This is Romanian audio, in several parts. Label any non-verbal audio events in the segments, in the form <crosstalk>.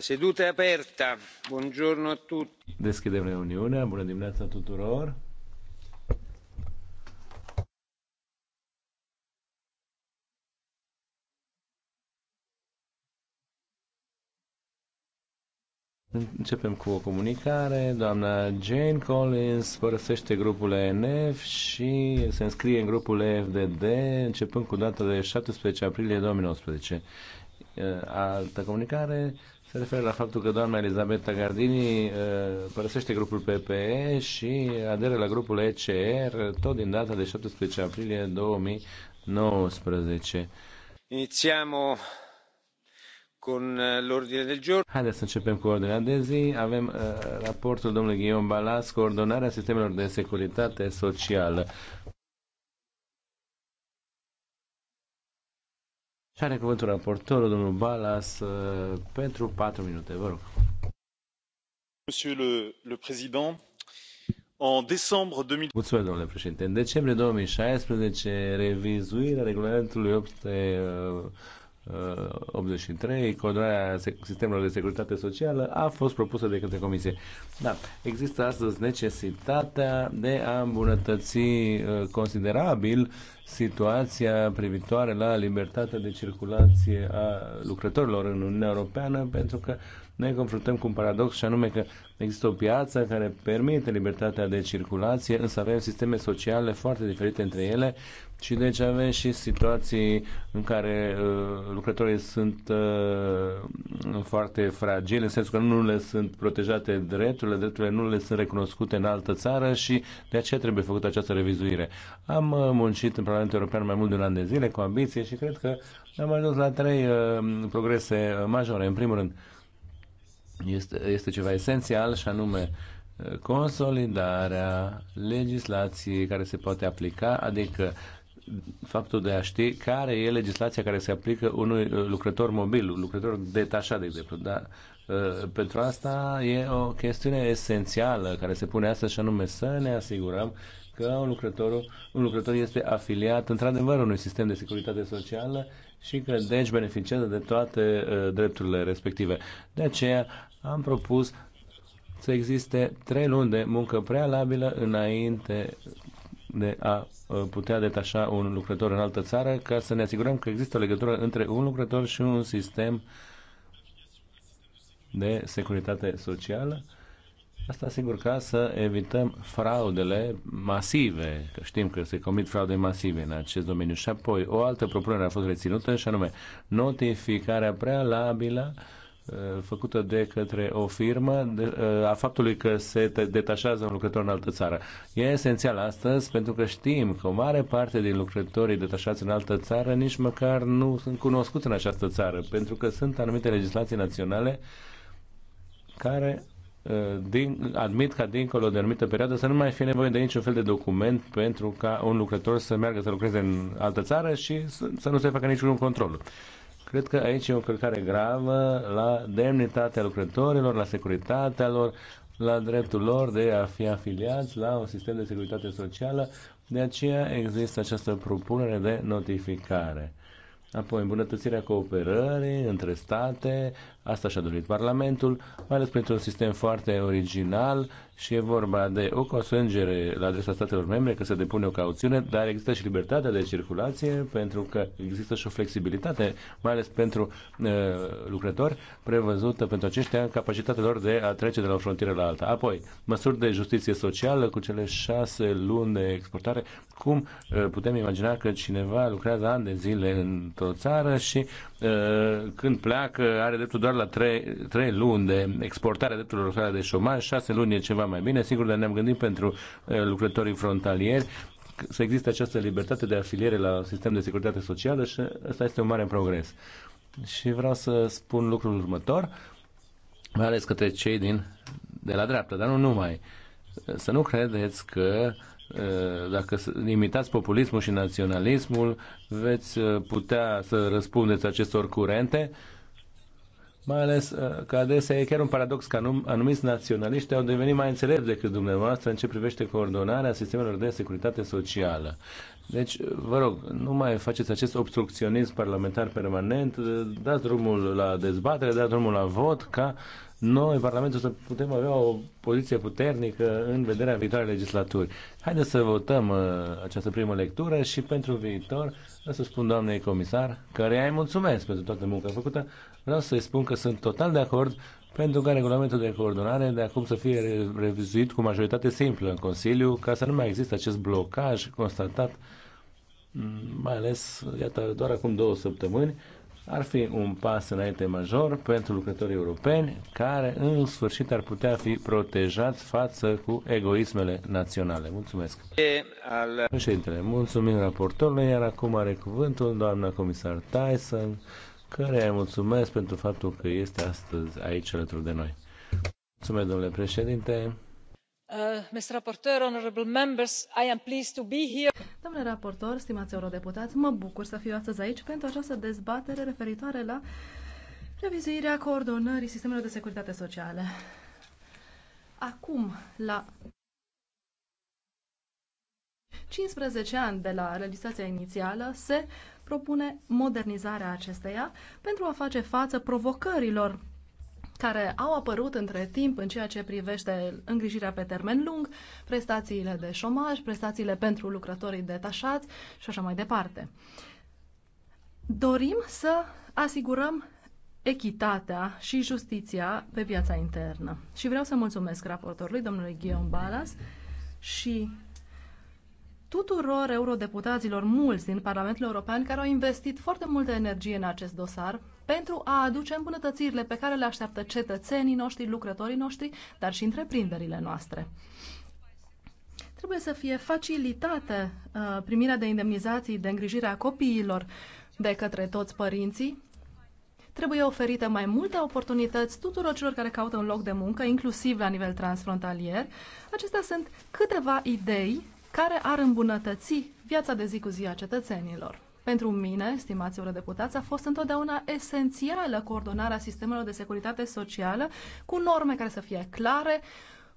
Seduta e aperta. Buongiorno a tutti. Deschidem reuniunea. Bună dimineața tuturor. Începem cu o comunicare. Doamna Jane Collins părăsește grupul ENF și se înscrie în grupul EFDD începând cu data de 17 aprilie 2019. Altă comunicare, se referă la faptul că doamna Elisabeta Gardini uh, părăsește grupul PPE și aderă la grupul ECR tot din data de 17 aprilie 2019. Inițiamo con uh, l'ordine del giorno. Haideți să începem cu ordinea de zi. Avem uh, raportul domnului Ghion Balas, coordonarea sistemelor de securitate socială. Și are cuvântul raportorul, domnul Balas, uh, pentru patru minute. Vă rog. Monsieur le, le Président, en décembre 2000... Mulțumesc, domnule președinte. În decembrie 2016, revizuirea regulamentului 800 83, codarea sistemului de securitate socială a fost propusă de către Comisie. Da, există astăzi necesitatea de a îmbunătăți uh, considerabil situația privitoare la libertatea de circulație a lucrătorilor în Uniunea Europeană, pentru că ne confruntăm cu un paradox și anume că există o piață care permite libertatea de circulație, însă avem sisteme sociale foarte diferite între ele și deci avem și situații în care uh, lucrătorii sunt uh, foarte fragili, în sensul că nu le sunt protejate drepturile, drepturile nu le sunt recunoscute în altă țară și de aceea trebuie făcută această revizuire. Am uh, muncit în Parlamentul European mai mult de un an de zile cu ambiție și cred că am ajuns la trei uh, progrese uh, majore. În primul rând, uh, este, este ceva esențial și anume uh, consolidarea legislației care se poate aplica, adică faptul de a ști care e legislația care se aplică unui uh, lucrător mobil, lucrător detașat, de exemplu. Dar uh, pentru asta e o chestiune esențială care se pune astăzi și anume să ne asigurăm că un lucrător, un lucrător este afiliat într-adevăr unui sistem de securitate socială și că deci beneficiază de toate uh, drepturile respective. De aceea am propus să existe trei luni de muncă prealabilă înainte de a uh, putea detașa un lucrător în altă țară ca să ne asigurăm că există o legătură între un lucrător și un sistem de securitate socială Asta sigur ca să evităm fraudele masive, că știm că se comit fraude masive în acest domeniu. Și apoi o altă propunere a fost reținută și anume notificarea prealabilă uh, făcută de către o firmă de, uh, a faptului că se detașează un lucrător în altă țară. E esențial astăzi pentru că știm că o mare parte din lucrătorii detașați în altă țară nici măcar nu sunt cunoscuți în această țară, pentru că sunt anumite legislații naționale care Uh, din, admit ca dincolo de anumită perioadă să nu mai fie nevoie de niciun fel de document pentru ca un lucrător să meargă să lucreze în altă țară și să, să nu se facă niciun control. Cred că aici e o încălcare gravă la demnitatea lucrătorilor, la securitatea lor, la dreptul lor de a fi afiliați la un sistem de securitate socială. De aceea există această propunere de notificare. Apoi, îmbunătățirea cooperării între state, asta și-a dorit Parlamentul, mai ales printr-un sistem foarte original și e vorba de o consângere la adresa statelor membre că se depune o cauțiune, dar există și libertatea de circulație pentru că există și o flexibilitate, mai ales pentru uh, lucrători, prevăzută pentru aceștia în capacitatea lor de a trece de la o frontieră la alta. Apoi, măsuri de justiție socială cu cele șase luni de exportare. Cum uh, putem imagina că cineva lucrează ani de zile în într-o țară și uh, când pleacă are dreptul doar la 3, 3 luni de exportare drepturilor sale de șomaj, 6 luni e ceva mai bine, sigur, dar ne-am gândit pentru uh, lucrătorii frontalieri să existe această libertate de afiliere la sistemul de securitate socială și asta este un mare progres. Și vreau să spun lucrul următor, mai ales către cei din, de la dreapta, dar nu numai. Să nu credeți că Eh, dacă limitați populismul și naționalismul, veți eh, putea să răspundeți acestor curente, mai ales eh, că adesea e chiar un paradox că anum, anumiți naționaliști au devenit mai înțelepți decât dumneavoastră în ce privește coordonarea sistemelor de securitate socială. Deci, vă rog, nu mai faceți acest obstrucționism parlamentar permanent, dați drumul la dezbatere, dați drumul la vot ca noi, Parlamentul, să putem avea o poziție puternică în vederea viitoarei legislaturi. Haideți să votăm uh, această primă lectură și pentru viitor vreau să spun doamnei comisar, care îi mulțumesc pentru toată munca făcută, vreau să-i spun că sunt total de acord pentru ca regulamentul de coordonare de acum să fie revizuit cu majoritate simplă în Consiliu, ca să nu mai există acest blocaj constatat, mm, mai ales, iată, doar acum două săptămâni, ar fi un pas înainte major pentru lucrătorii europeni care în sfârșit ar putea fi protejați față cu egoismele naționale. Mulțumesc. Al... Președintele, mulțumim raportorului, iar acum are cuvântul doamna comisar Tyson, care îi mulțumesc pentru faptul că este astăzi aici alături de noi. Mulțumesc, domnule președinte. Uh, domnule raportor stimați eurodeputați mă bucur să fiu astăzi aici pentru această dezbatere referitoare la revizuirea coordonării sistemelor de securitate socială. Acum, la 15 ani de la legislația inițială, se propune modernizarea acesteia pentru a face față provocărilor care au apărut între timp în ceea ce privește îngrijirea pe termen lung, prestațiile de șomaj, prestațiile pentru lucrătorii detașați și așa mai departe. Dorim să asigurăm echitatea și justiția pe piața internă. Și vreau să mulțumesc raportorului, domnului Guillaume Balas, și tuturor eurodeputaților mulți din Parlamentul European care au investit foarte multă energie în acest dosar pentru a aduce îmbunătățirile pe care le așteaptă cetățenii noștri, lucrătorii noștri, dar și întreprinderile noastre. Trebuie să fie facilitată uh, primirea de indemnizații de îngrijire a copiilor de către toți părinții. Trebuie oferite mai multe oportunități tuturor celor care caută un loc de muncă, inclusiv la nivel transfrontalier. Acestea sunt câteva idei care ar îmbunătăți viața de zi cu zi a cetățenilor. Pentru mine, stimați eurodeputați, a fost întotdeauna esențială coordonarea sistemelor de securitate socială cu norme care să fie clare,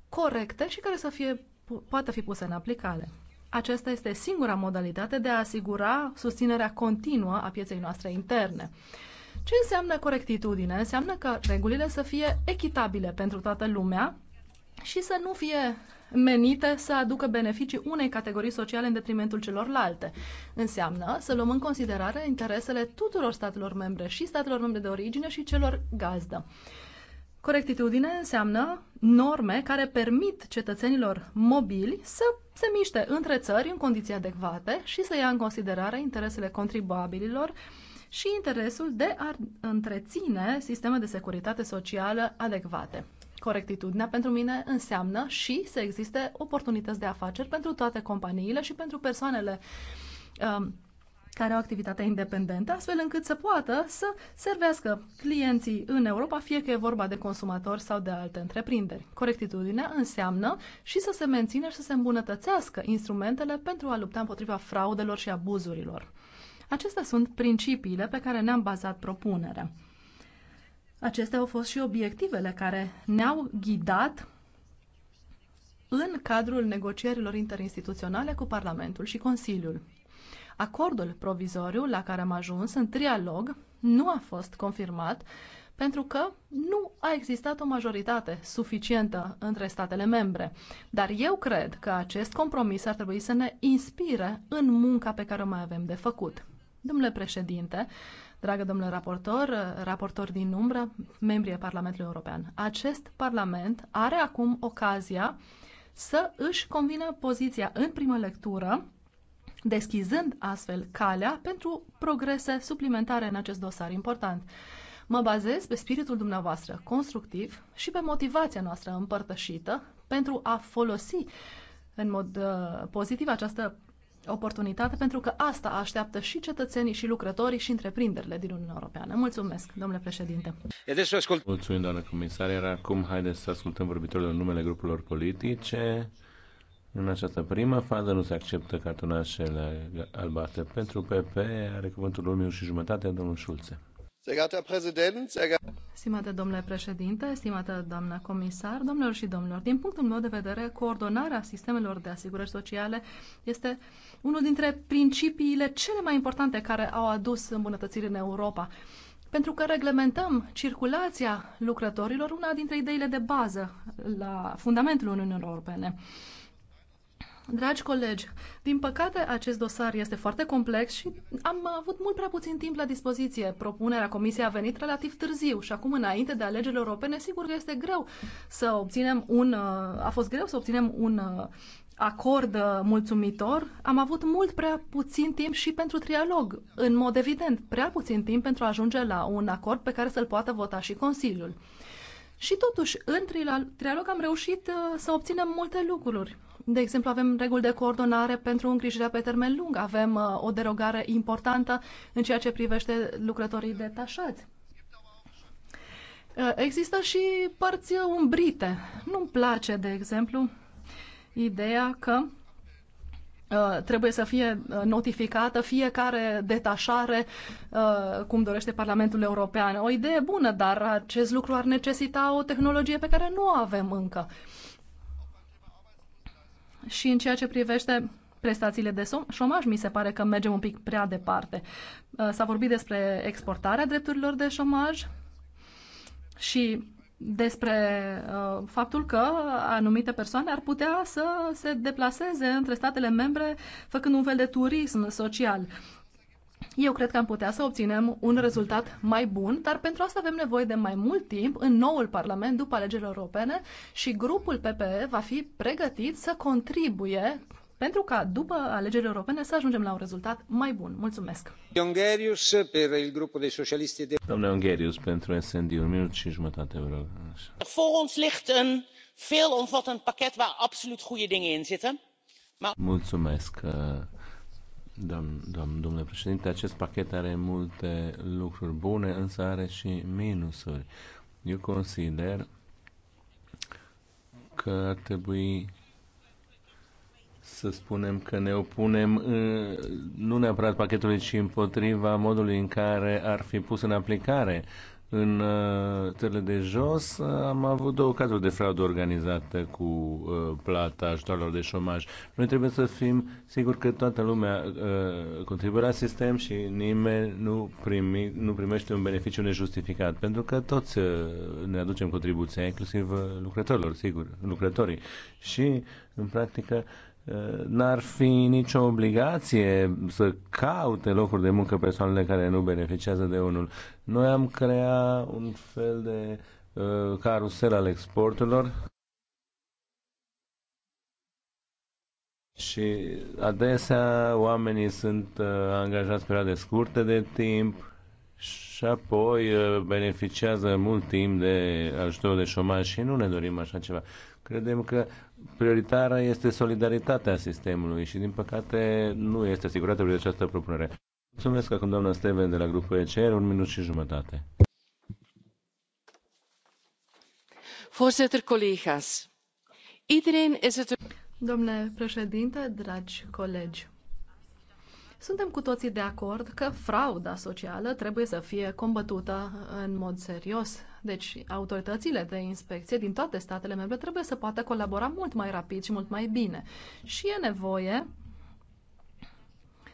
corecte și care să fie, poată fi puse în aplicare. Aceasta este singura modalitate de a asigura susținerea continuă a pieței noastre interne. Ce înseamnă corectitudine? Înseamnă că regulile să fie echitabile pentru toată lumea, și să nu fie menite să aducă beneficii unei categorii sociale în detrimentul celorlalte. Înseamnă să luăm în considerare interesele tuturor statelor membre și statelor membre de origine și celor gazdă. Corectitudine înseamnă norme care permit cetățenilor mobili să se miște între țări în condiții adecvate și să ia în considerare interesele contribuabililor și interesul de a întreține sisteme de securitate socială adecvate. Corectitudinea pentru mine înseamnă și să existe oportunități de afaceri pentru toate companiile și pentru persoanele um, care au activitate independentă, astfel încât să poată să servească clienții în Europa, fie că e vorba de consumatori sau de alte întreprinderi. Corectitudinea înseamnă și să se mențină și să se îmbunătățească instrumentele pentru a lupta împotriva fraudelor și abuzurilor. Acestea sunt principiile pe care ne-am bazat propunerea. Acestea au fost și obiectivele care ne-au ghidat în cadrul negocierilor interinstituționale cu Parlamentul și Consiliul. Acordul provizoriu la care am ajuns în trialog nu a fost confirmat pentru că nu a existat o majoritate suficientă între statele membre. Dar eu cred că acest compromis ar trebui să ne inspire în munca pe care o mai avem de făcut. Domnule președinte, dragă domnule raportor, raportor din umbră, membrii Parlamentului European. Acest Parlament are acum ocazia să își convină poziția în primă lectură, deschizând astfel calea pentru progrese suplimentare în acest dosar important. Mă bazez pe spiritul dumneavoastră constructiv și pe motivația noastră împărtășită pentru a folosi în mod uh, pozitiv această oportunitate, pentru că asta așteaptă și cetățenii, și lucrătorii, și întreprinderile din Uniunea Europeană. Mulțumesc, domnule președinte. Mulțumim, doamnă comisar. Iar acum haideți să ascultăm vorbitorilor în numele grupurilor politice. În această prima fază nu se acceptă cartonașele albate. Pentru PP are cuvântul 1 și jumătate, domnul Șulțe. Stimate domnule președinte, stimată doamnă comisar, domnilor și domnilor, din punctul meu de vedere, coordonarea sistemelor de asigurări sociale este unul dintre principiile cele mai importante care au adus îmbunătățiri în Europa. Pentru că reglementăm circulația lucrătorilor, una dintre ideile de bază la fundamentul Uniunii Europene. Dragi colegi, din păcate acest dosar este foarte complex și am avut mult prea puțin timp la dispoziție. Propunerea Comisiei a venit relativ târziu și acum înainte de alegerile europene sigur că este greu să obținem un a fost greu să obținem un acord mulțumitor. Am avut mult prea puțin timp și pentru trialog. În mod evident, prea puțin timp pentru a ajunge la un acord pe care să-l poată vota și Consiliul. Și totuși, în trialog am reușit uh, să obținem multe lucruri. De exemplu, avem reguli de coordonare pentru îngrijirea pe termen lung, avem uh, o derogare importantă în ceea ce privește lucrătorii detașați. Uh, există și părți umbrite. Nu-mi place, de exemplu, ideea că uh, trebuie să fie notificată fiecare detașare cum dorește Parlamentul European. O idee bună, dar acest lucru ar necesita o tehnologie pe care nu o avem încă și în ceea ce privește prestațiile de șomaj, mi se pare că mergem un pic prea departe. Uh, s-a vorbit despre exportarea drepturilor de șomaj și despre uh, faptul că anumite persoane ar putea să se deplaseze între statele membre făcând un fel de turism social. Eu cred că am putea să obținem un rezultat mai bun, dar pentru asta avem nevoie de mai mult timp în noul Parlament după alegerile europene și grupul PPE va fi pregătit să contribuie pentru ca după alegerile europene să ajungem la un rezultat mai bun. Mulțumesc! Ungherius, pentru grupul de dei de... Domnule Ungherius, pentru SND, un minut și jumătate, vă rog. Voor ons ligt een veelomvattend pakket waar absoluut goede dingen in zitten. Mulțumesc! Uh, Doamne, domnule președinte, acest pachet are multe lucruri bune, însă are și minusuri. Eu consider că ar trebui să spunem că ne opunem ă, nu neapărat pachetului, ci împotriva modului în care ar fi pus în aplicare în uh, țările de jos uh, am avut două cazuri de fraudă organizată cu uh, plata ajutoarelor de șomaj. Noi trebuie să fim siguri că toată lumea contribuie la sistem și nimeni nu, primi, nu primește un beneficiu nejustificat, pentru că toți ne aducem contribuția, inclusiv lucrătorilor, sigur, lucrătorii. Și, în practică, Eh, n-ar fi nicio obligație să caute locuri de muncă persoanele care nu beneficiază de unul. Noi am creat un fel de uh, carusel al exporturilor și adesea oamenii sunt uh, angajați perioade scurte de timp și apoi uh, beneficiază mult timp de ajutorul de șomaj și nu ne dorim așa ceva. Credem că prioritară este solidaritatea sistemului și, din păcate, nu este asigurată prin această propunere. Mulțumesc acum doamna Steven de la grupul ECR, un minut și jumătate. Domnule președinte, dragi colegi, suntem cu toții de acord că frauda socială trebuie să fie combătută în mod serios deci, autoritățile de inspecție din toate statele membre trebuie să poată colabora mult mai rapid și mult mai bine. Și e nevoie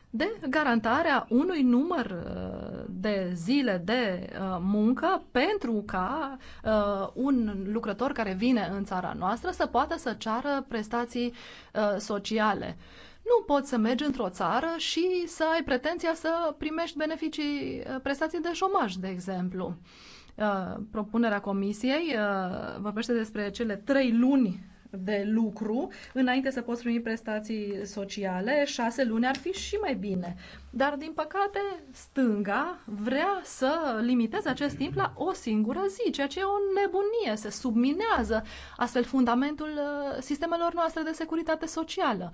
de garantarea unui număr uh, de zile de uh, muncă pentru ca uh, un lucrător care vine în țara noastră să poată să ceară prestații sociale. Nu poți să mergi într-o țară și să ai pretenția să primești beneficii, prestații de șomaj, de exemplu. Uh, propunerea comisiei uh, vorbește despre cele trei luni de lucru înainte să poți primi prestații sociale, șase luni ar fi și mai bine. Dar, din păcate, stânga vrea să limiteze acest timp la o singură zi, ceea ce e o nebunie, se subminează astfel fundamentul uh, sistemelor noastre de securitate socială.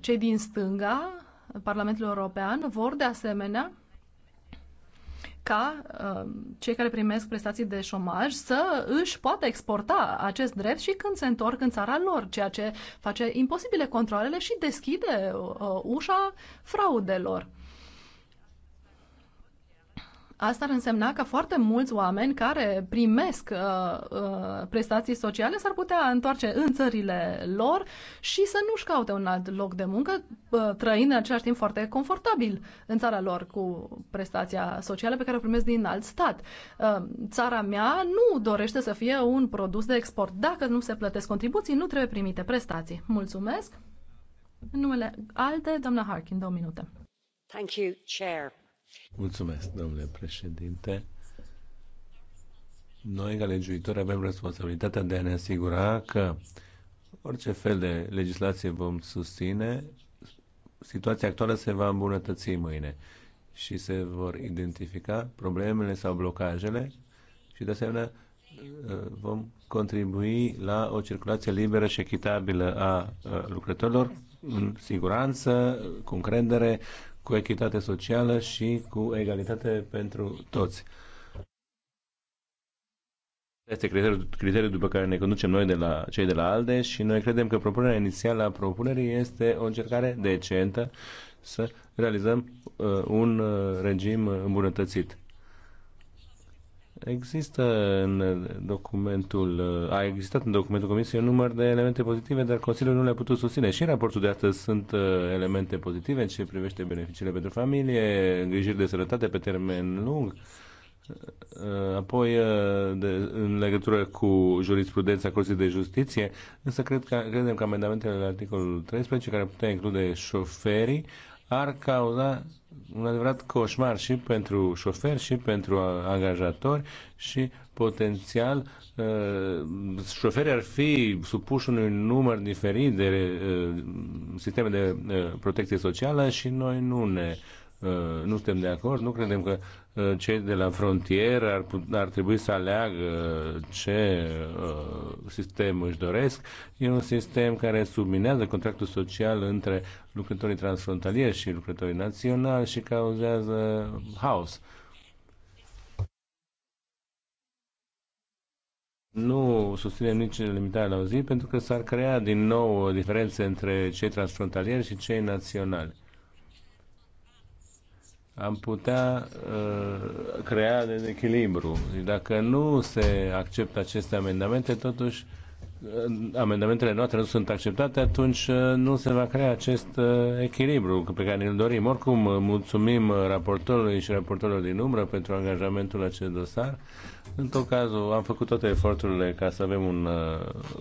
Cei din stânga, Parlamentul European, vor de asemenea ca uh, cei care primesc prestații de șomaj să își poată exporta acest drept și când se întorc în țara lor, ceea ce face imposibile controlele și deschide uh, uh ușa fraudelor. Asta ar însemna că foarte mulți oameni care primesc uh, uh, prestații sociale s-ar putea întoarce în țările lor și să nu-și caute un alt loc de muncă, uh, trăind în același timp foarte confortabil în țara lor cu prestația socială pe care o primesc din alt stat. Uh, țara mea nu dorește să fie un produs de export. Dacă nu se plătesc contribuții, nu trebuie primite prestații. Mulțumesc! În numele alte, doamna Harkin, două minute. Thank you, Chair. Mulțumesc, domnule președinte. Noi, ca legiuitori, avem responsabilitatea de a ne asigura că orice fel de legislație vom susține, situația actuală se va îmbunătăți mâine și se vor identifica problemele sau blocajele și, de asemenea, vom contribui la o circulație liberă și echitabilă a lucrătorilor în siguranță, cu încredere, cu echitate socială și cu egalitate pentru toți. Este criteriul, criteriul după care ne conducem noi de la cei de la ALDE și noi credem că propunerea inițială a propunerii este o încercare decentă să realizăm uh, un uh, regim îmbunătățit. Există în documentul, a existat în documentul Comisiei un număr de elemente pozitive, dar Consiliul nu le-a putut susține. Și în raportul de astăzi sunt uh, elemente pozitive în ce privește beneficiile pentru familie, îngrijiri de sănătate pe termen lung, uh, apoi uh, de, în legătură cu jurisprudența Curții de Justiție, însă cred că, credem că amendamentele la articolul 13, care putea include șoferii, ar cauza un adevărat coșmar și pentru șofer și pentru angajatori și potențial uh, șoferii ar fi supuși unui număr diferit de uh, sisteme de uh, protecție socială și noi nu ne nu suntem de acord, nu credem că Uh, cei de la frontieră ar, ar trebui să aleagă ce uh, sistem își doresc. E un sistem care subminează contractul social între lucrătorii transfrontalieri și lucrătorii naționali și cauzează haos. Nu susținem nici limitarea la o zi pentru că s-ar crea din nou diferențe între cei transfrontalieri și cei naționali am putea uh, crea echilibru. Deci dacă nu se acceptă aceste amendamente, totuși uh, amendamentele noastre nu sunt acceptate, atunci uh, nu se va crea acest uh, echilibru pe care îl dorim. Oricum, mulțumim raportorului și raportorilor din umbră pentru angajamentul acest dosar. În tot cazul, am făcut toate eforturile ca să avem un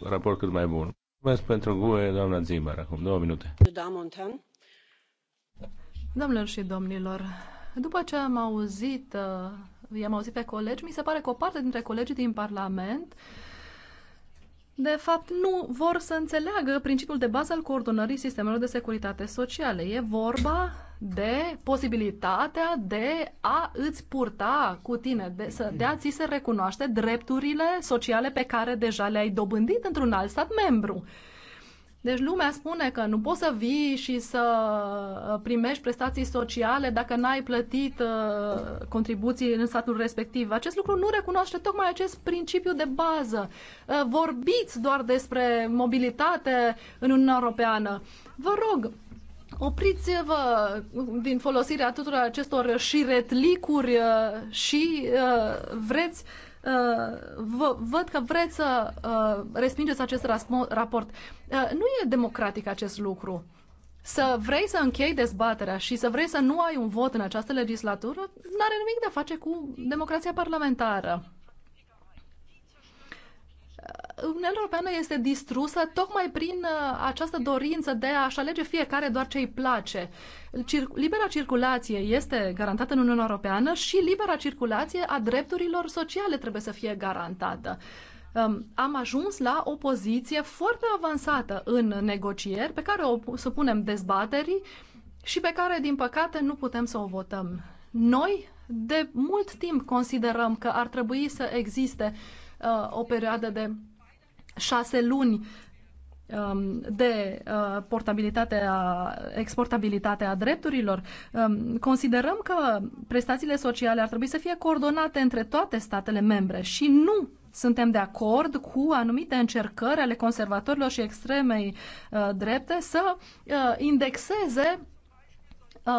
raport cât mai bun. Mulțumesc pentru GUE, doamna Zimbar, acum două minute. Da, Montan. Domnilor și domnilor, după ce am auzit, uh, i-am auzit pe colegi, mi se pare că o parte dintre colegii din Parlament de fapt, nu vor să înțeleagă principiul de bază al coordonării sistemelor de securitate sociale. E vorba de posibilitatea de a îți purta cu tine, de, să, de a ți se recunoaște drepturile sociale pe care deja le-ai dobândit într-un alt stat membru. Uh, deci lumea spune că nu poți să vii și să uh, primești prestații sociale dacă n-ai plătit uh, contribuții în statul respectiv. Acest lucru nu recunoaște tocmai acest principiu de bază. Uh, vorbiți doar despre mobilitate în Uniunea Europeană. Vă rog, opriți-vă din folosirea tuturor acestor șiretlicuri și vreți Uh, vă, văd că vreți să uh, respingeți acest raport. Uh, nu e democratic acest lucru. Să vrei să închei dezbaterea și să vrei să nu ai un vot în această legislatură, nu are nimic de a face cu democrația parlamentară. Uniunea Europeană este distrusă tocmai prin uh, această dorință de a-și alege fiecare doar ce îi place. Cir- libera circulație este garantată în Uniunea Europeană și libera circulație a drepturilor sociale trebuie să fie garantată. Um, am ajuns la o poziție foarte avansată în negocieri pe care o supunem dezbaterii și pe care, din păcate, nu putem să o votăm. Noi, de mult timp, considerăm că ar trebui să existe uh, o perioadă de șase luni um, de uh, exportabilitate exportabilitatea drepturilor. Um, considerăm că prestațiile sociale ar trebui să fie coordonate între toate statele membre și nu suntem de acord cu anumite încercări ale conservatorilor și extremei uh, drepte să uh, indexeze uh,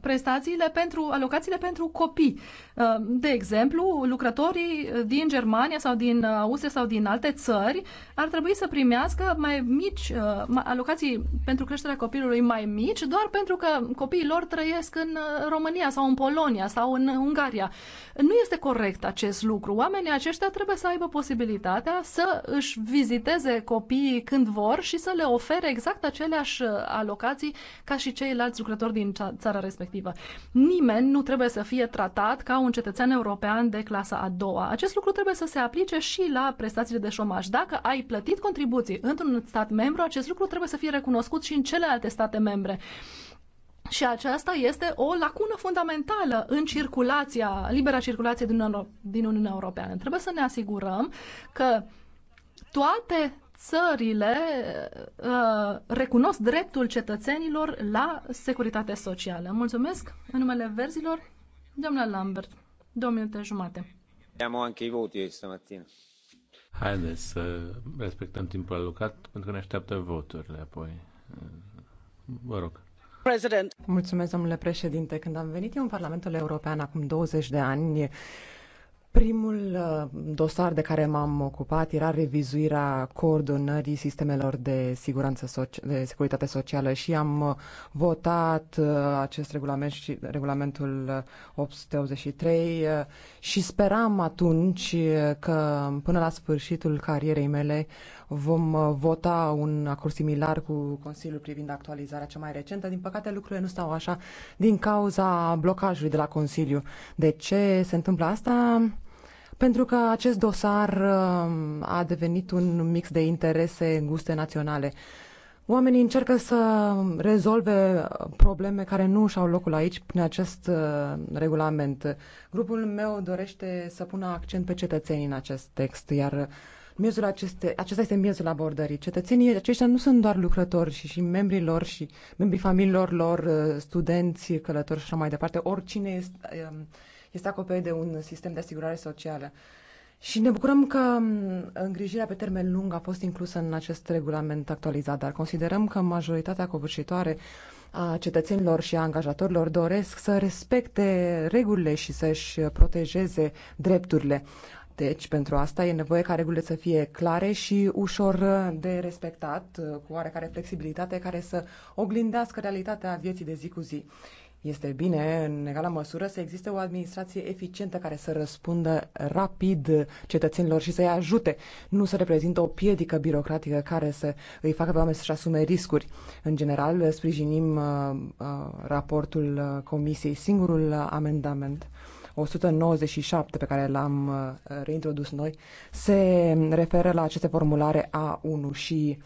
prestațiile pentru, alocațiile pentru copii. Uh, de exemplu, lucrătorii din Germania sau din uh, Austria sau din alte țări ar trebui să primească mai mici uh, alocații pentru creșterea copilului mai mici, doar pentru că copiii lor trăiesc în uh, România sau în Polonia sau în Ungaria. Nu este corect acest lucru. Oamenii aceștia trebuie să aibă posibilitatea să își viziteze copiii când vor și să le ofere exact aceleași uh, alocații ca și ceilalți lucrători din țara respectivă. Nimeni nu trebuie să fie tratat ca un cetățean european de clasa a doua. Acest lucru trebuie să se aplice și la prestațiile de șomaj. Dacă ai plătit contribuții într-un stat membru, acest lucru trebuie să fie recunoscut și în celelalte state membre. Și aceasta este o lacună fundamentală în circulația, libera circulație din, Uniunea Europeană. Trebuie să ne asigurăm că toate țările uh, recunosc dreptul cetățenilor la securitate socială. Mulțumesc. În numele verzilor, domnule Lambert, două minute jumate. Am anche i voti stamattina. Haideți să respectăm timpul alocat pentru că ne așteaptă voturile apoi. Vă rog. President. Mulțumesc, domnule președinte. Când am venit eu în Parlamentul European acum 20 de ani, Primul uh, dosar de care m-am ocupat era revizuirea coordonării sistemelor de, siguranță de securitate socială și am uh, votat uh, acest regulament și regulamentul 883 și speram atunci că până la sfârșitul carierei mele vom vota un acord similar cu Consiliul privind actualizarea cea mai recentă. Din păcate lucrurile nu stau așa din cauza blocajului de la Consiliu. De ce se întâmplă asta? Pentru că acest dosar uh, a devenit un mix de interese guste naționale. Oamenii încearcă să rezolve probleme care nu și-au locul aici prin acest uh, regulament. Grupul meu dorește să pună accent pe cetățenii în acest text, iar miezul aceste, acesta este miezul abordării. Cetățenii aceștia nu sunt doar lucrători și, și membrii lor și membrii familiilor lor, uh, studenți, călători și așa mai departe. Oricine este, este acoperit de un sistem de asigurare socială. Și ne bucurăm că mm, îngrijirea pe termen lung a fost inclusă în acest regulament actualizat, dar considerăm că majoritatea covârșitoare a cetățenilor și a angajatorilor doresc să respecte regulile și să-și protejeze drepturile. Deci, pentru asta e nevoie ca regulile să fie clare și ușor de respectat, cu oarecare flexibilitate care să oglindească realitatea vieții de zi cu zi este bine, în egală măsură, să existe o administrație eficientă care să răspundă rapid cetățenilor și să-i ajute, nu să reprezintă o piedică birocratică care să îi facă pe oameni să-și asume riscuri. În general, sprijinim uh, uh, raportul Comisiei. Singurul amendament 197 pe care l-am uh, reintrodus noi se referă la aceste formulare A1 și uh,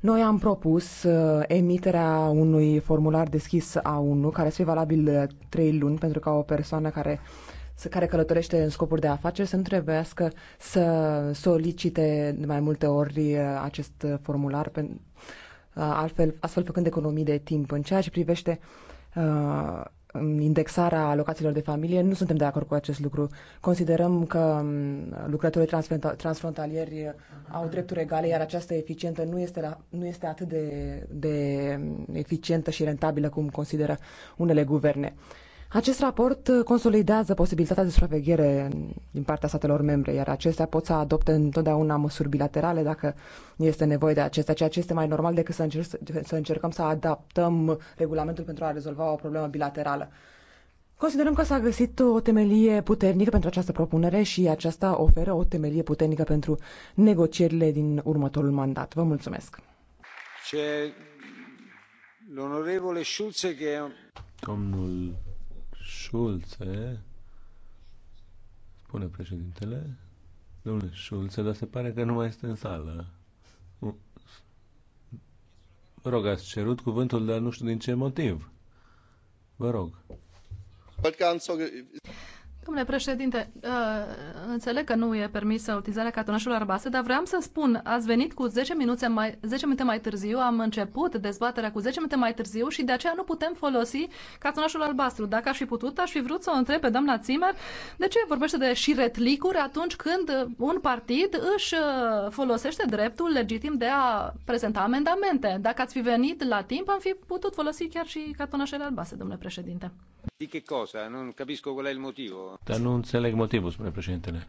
noi am propus uh, emiterea unui formular deschis A1 care să fie valabil uh, trei luni pentru ca o persoană care care călătorește în scopuri de afaceri să nu trebuiască să solicite de mai multe ori uh, acest formular, pe, uh, altfel, astfel făcând economii de timp. În ceea ce privește uh, indexarea alocațiilor de familie, nu suntem de acord cu acest lucru. Considerăm că mm, lucrătorii transfrontalieri au drepturi egale, iar această eficientă nu este, la, nu este atât de, de eficientă și rentabilă cum consideră unele guverne. Uh, acest raport uh, consolidează posibilitatea de supraveghere din partea statelor membre, iar acestea pot să adopte întotdeauna măsuri bilaterale dacă este nevoie de acestea, ceea ce este mai normal decât să, încerc, să încercăm să adaptăm regulamentul pentru a rezolva o problemă bilaterală. Considerăm că s-a găsit o temelie puternică pentru această propunere și aceasta oferă o temelie puternică pentru negocierile din următorul mandat. Vă mulțumesc. Ce... L'onorevole Schulze che... Domnul Schulze, spune președintele, domnule Schulze, dar se pare că nu mai este în sală. Vă rog, ați cerut cuvântul, dar nu știu din ce motiv. Vă rog. Domnule președinte, uh, înțeleg că nu e permisă utilizarea cartonașului albastru, dar vreau să spun, ați venit cu 10 minute, mai, 10 minute mai târziu, am început dezbaterea cu 10 minute mai târziu și de aceea nu putem folosi cartonașul albastru. Dacă aș fi putut, aș fi vrut să o întreb pe doamna Zimmer de ce vorbește de șiretlicuri atunci când uh, un partid își uh, folosește dreptul legitim de a prezenta amendamente. Dacă ați fi venit la timp, am fi putut folosi chiar și cartonașele albastre, domnule președinte. Di che cosa? Non capisco qual è il motivo. Dar nu înțeleg motivul, spune președintele. <laughs>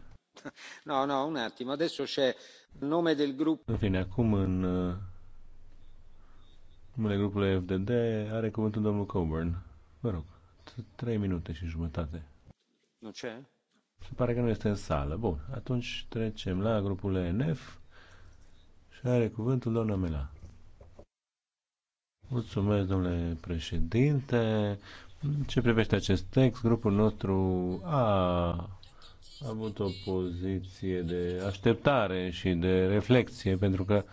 No, no, un attimo. Adesso c'è nome del gruppo. În fine, acum în uh, numele grupului FDD are cuvântul domnul Coburn. Vă rog, trei minute și jumătate. Nu ce? Se pare că nu este în sală. Bun, atunci trecem la grupul ENF și are cuvântul doamna Mela. Mulțumesc, domnule președinte ce privește acest text, grupul nostru a avut o poziție de așteptare și de reflexie, pentru că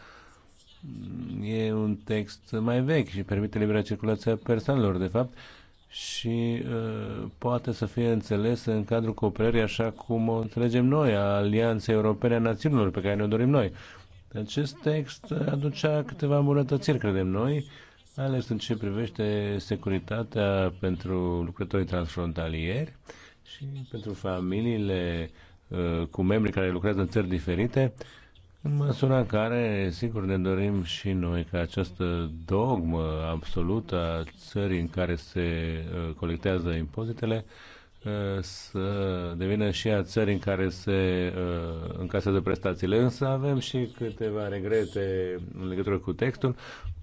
e un text mai vechi și permite libera circulație a persoanelor, de fapt, și uh, poate să fie înțeles în cadrul cooperării așa cum o înțelegem noi, a Alianței Europene a Națiunilor pe care ne-o dorim noi. Acest text aducea câteva îmbunătățiri, credem noi, uh, mai ales în ce privește securitatea pentru lucrătorii transfrontalieri și pentru familiile uh, cu membri care lucrează în țări diferite, în măsura în care, sigur, ne dorim și noi ca această dogmă absolută a țării în care se uh, colectează impozitele uh, să devină și a țării în care se încasează prestațiile. Însă avem și câteva regrete în legătură cu textul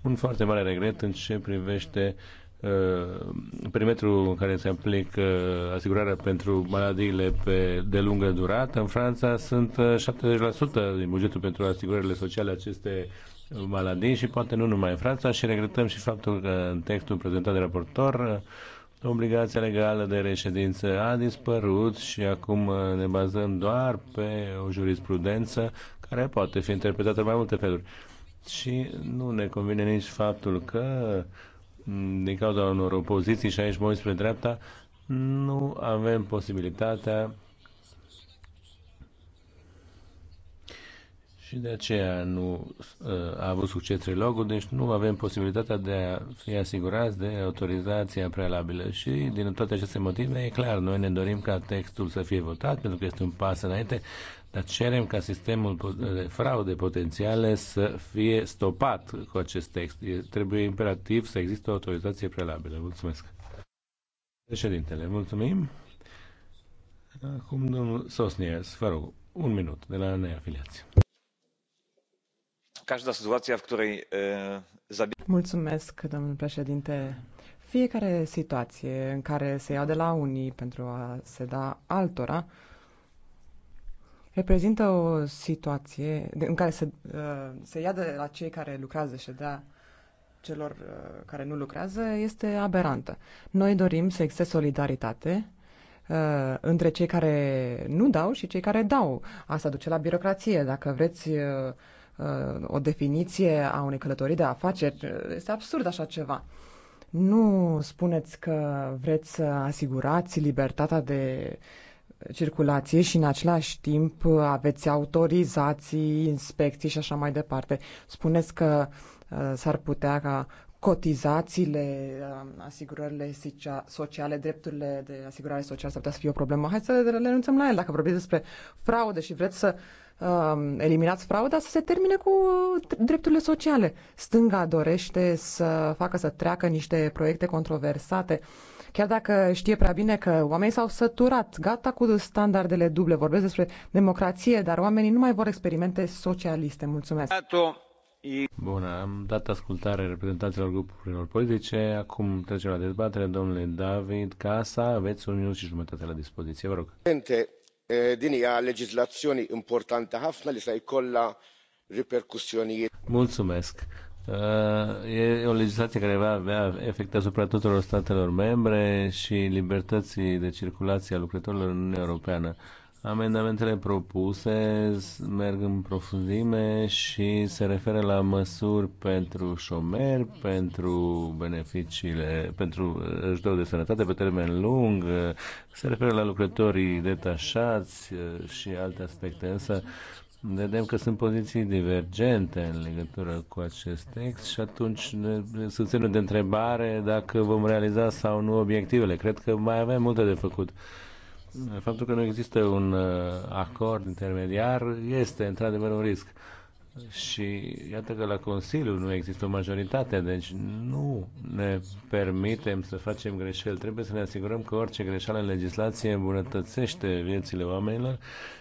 un foarte mare regret în ce privește uh, perimetrul în care se aplică uh, asigurarea pentru maladiile pe, de lungă durată. În Franța sunt 70% uh, din bugetul pentru asigurările sociale aceste maladii și poate nu numai în Franța și regretăm și faptul că în textul prezentat de raportor uh, obligația legală de reședință a dispărut și acum ne bazăm doar pe o jurisprudență care poate fi interpretată în mai multe feluri și nu ne convine nici faptul că din cauza unor opoziții și aici mă uit spre dreapta, nu avem posibilitatea și de aceea nu uh, a avut succes trilogul, deci nu avem posibilitatea de a fi asigurați de autorizația prealabilă și din toate aceste motive e clar, noi ne dorim ca textul să fie votat pentru că este un pas înainte, dar cerem ca sistemul de fraude potențiale să fie stopat cu acest text. Trebuie imperativ să existe o autorizație prealabilă. Mulțumesc. Președintele, mulțumim. Acum domnul Sosniers, vă rog, un minut de la neafiliați. Mulțumesc, domnul președinte. Fiecare situație în care se ia de la unii pentru a se da altora, reprezintă o situație în care se, uh, se ia de la cei care lucrează și da celor uh, care nu lucrează este aberantă. Noi dorim să existe solidaritate uh, între cei care nu dau și cei care dau. Asta duce la birocrație. Dacă vreți o definiție a unei călătorii de afaceri, este absurd așa ceva. Nu spuneți că vreți să asigurați libertatea de uh, circulație și în același timp aveți autorizații, inspecții și așa mai departe. Spuneți că uh, s-ar putea ca cotizațiile, uh, asigurările sociale, drepturile de asigurare socială s-ar putea să fie o problemă. Hai să renunțăm la el. Dacă vorbim despre fraude și vreți să uh, eliminați frauda, să se termine cu drepturile sociale. Stânga dorește să facă să treacă niște proiecte controversate, chiar dacă știe prea bine că oamenii s-au săturat, gata cu standardele duble, vorbesc despre democrație, dar oamenii nu mai vor experimente socialiste. Mulțumesc! bună, am dat ascultare reprezentanților grupurilor politice. Acum trecem la dezbatere. Domnule David Casa, aveți un minut și jumătate la dispoziție, vă rog din hija leġiżlazzjoni importanti ħafna li se jkollha riperkussjonijiet. Mulțumesc. E o legislație care va avea efecte asupra tuturor statelor membre și libertății de circulație a lucrătorilor în Uniunea Europeană. Amendamentele propuse merg în profunzime și se referă la măsuri pentru șomeri, pentru beneficiile, pentru ajutorul de sănătate pe termen lung, se referă la lucrătorii detașați eh, și alte aspecte, însă vedem că sunt poziții divergente în legătură cu acest text și atunci ne susținem de întrebare dacă vom realiza sau nu obiectivele. Cred că mai avem multe de făcut. Faptul că nu există un uh, acord intermediar este într-adevăr un risc. Și iată că la Consiliu nu există o majoritate, deci nu ne permitem să facem greșeli. Trebuie să ne asigurăm că orice greșeală în legislație îmbunătățește viețile oamenilor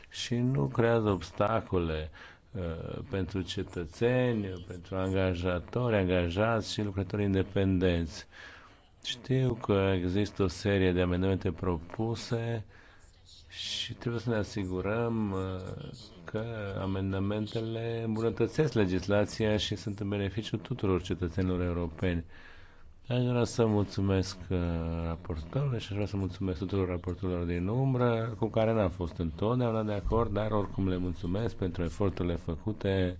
și nu creează obstacole uh, pentru cetățeni, pentru angajatori, angajați și lucrători independenți. Știu că există o serie de amendamente propuse și trebuie să ne asigurăm uh, că amendamentele îmbunătățesc legislația și sunt în beneficiu tuturor cetățenilor europeni. Aș vrea să mulțumesc uh, raportorului și aș vrea să mulțumesc tuturor raportorilor din umbră, cu care n-am fost întotdeauna de acord, dar oricum le mulțumesc pentru eforturile făcute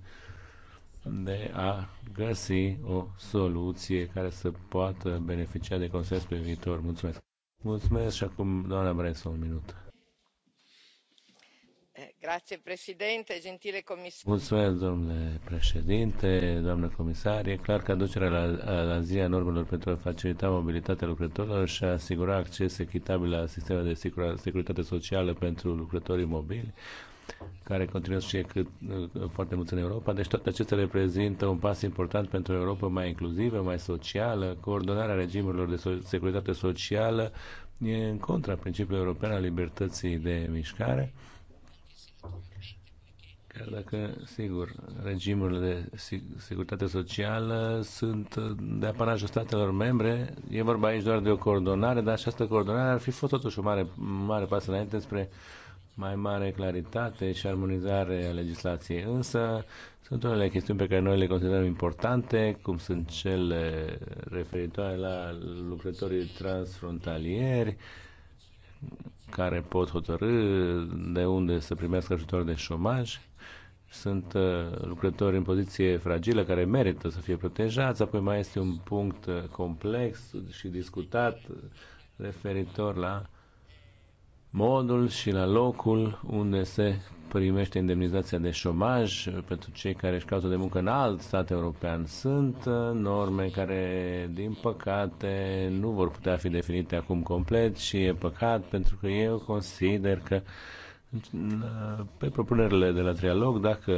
de a găsi o soluție care să poată beneficia de consens pe viitor. Mulțumesc! Mulțumesc și acum doamna Bresson, un minut. Mulțumesc, domnule președinte, doamnă comisar. E clar că aducerea la, la zi a normelor pentru a facilita mobilitatea lucrătorilor și a asigura acces echitabil la sistemul de securitate socială pentru lucrătorii mobili care continuă și cât foarte mulți în Europa. Deci toate acestea reprezintă un pas important pentru o Europa mai inclusivă, mai socială, coordonarea regimurilor de securitate socială e în contra principiului european al libertății de mișcare Chiar dacă, sigur, regimurile de securitate socială sunt uh, de aparajul statelor membre, e vorba aici doar de o coordonare, dar această coordonare ar fi fost totuși o mare, mare pas înainte spre mai mare claritate și armonizare a legislației. Însă sunt unele chestiuni pe care noi le considerăm importante, cum sunt cele referitoare la lucrătorii transfrontalieri, care pot hotărâ de unde să primească ajutor de șomaj sunt uh, lucrători în poziție fragilă care merită să fie protejați, apoi mai este un punct uh, complex și discutat uh, referitor la modul și la locul unde se primește indemnizația de șomaj pentru cei care își caută de muncă în alt stat european. Sunt norme care, din păcate, nu vor putea fi definite acum complet și e păcat pentru că eu consider că pe propunerile de la trialog, dacă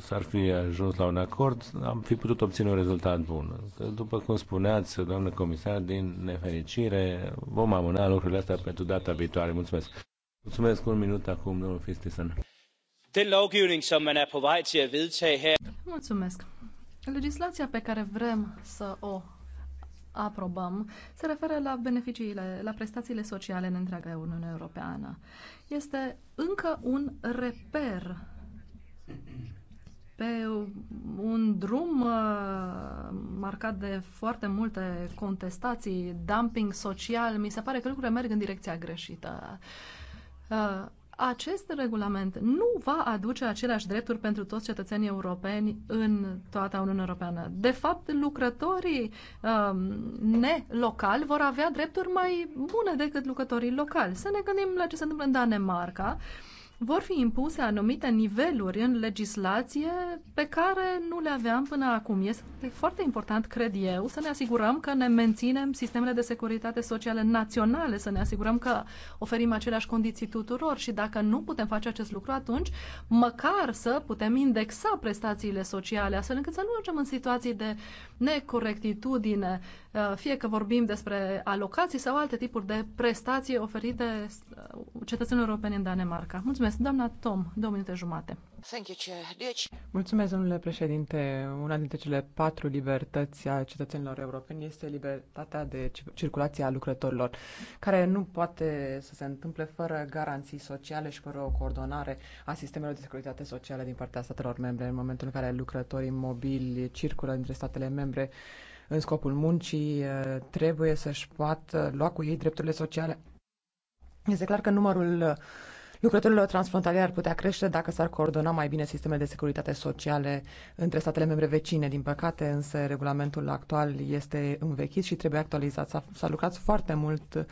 s-ar fi ajuns la un acord, am fi putut obține un rezultat bun. După cum spuneați, doamnă comisar, din nefericire, vom amâna lucrurile astea pentru data viitoare. Mulțumesc. Mulțumesc un minut acum, domnul Fistisen. Den lovgivning, som man er på vej til at vedtage her. Mulțumesc. Legislația pe care vrem să o aprobăm se referă la beneficiile, la prestațiile sociale în întreaga Uniune Europeană. Este încă un reper pe un drum uh, marcat de foarte multe contestații, dumping social, mi se pare că lucrurile merg în direcția greșită. Uh, acest regulament nu va aduce aceleași drepturi pentru toți cetățenii europeni în toată Uniunea Europeană. De fapt, lucrătorii um, nelocali vor avea drepturi mai bune decât lucrătorii locali. Să ne gândim la ce se întâmplă în Danemarca, uh, vor fi impuse anumite niveluri în legislație pe care nu le aveam până acum. Este foarte important, cred eu, să ne asigurăm că ne menținem sistemele de securitate sociale naționale, să ne asigurăm că oferim aceleași condiții tuturor și dacă nu putem face acest lucru, atunci măcar să putem indexa prestațiile sociale, astfel încât să nu ajungem în situații de necorectitudine, uh, fie că vorbim despre alocații sau alte tipuri de prestații oferite uh, cetățenilor europeni în Danemarca. Mulțumesc! Mulțumesc, doamna Tom, două minute jumate. Mulțumesc, domnule președinte. Una dintre cele patru libertăți a cetățenilor europeni este libertatea de circulație a lucrătorilor, care nu poate să se întâmple fără garanții sociale și fără o coordonare a sistemelor de securitate socială din partea statelor membre. În momentul în care lucrătorii mobili circulă între statele membre în scopul muncii, eh, trebuie să-și poată lua cu ei drepturile sociale. Este clar că numărul uh, lucrătorilor transfrontaliere ar putea crește dacă s-ar coordona mai bine sistemele de securitate sociale între statele membre vecine. Din păcate, însă, regulamentul actual este învechit și trebuie actualizat. S-a, lucrat foarte mult uh,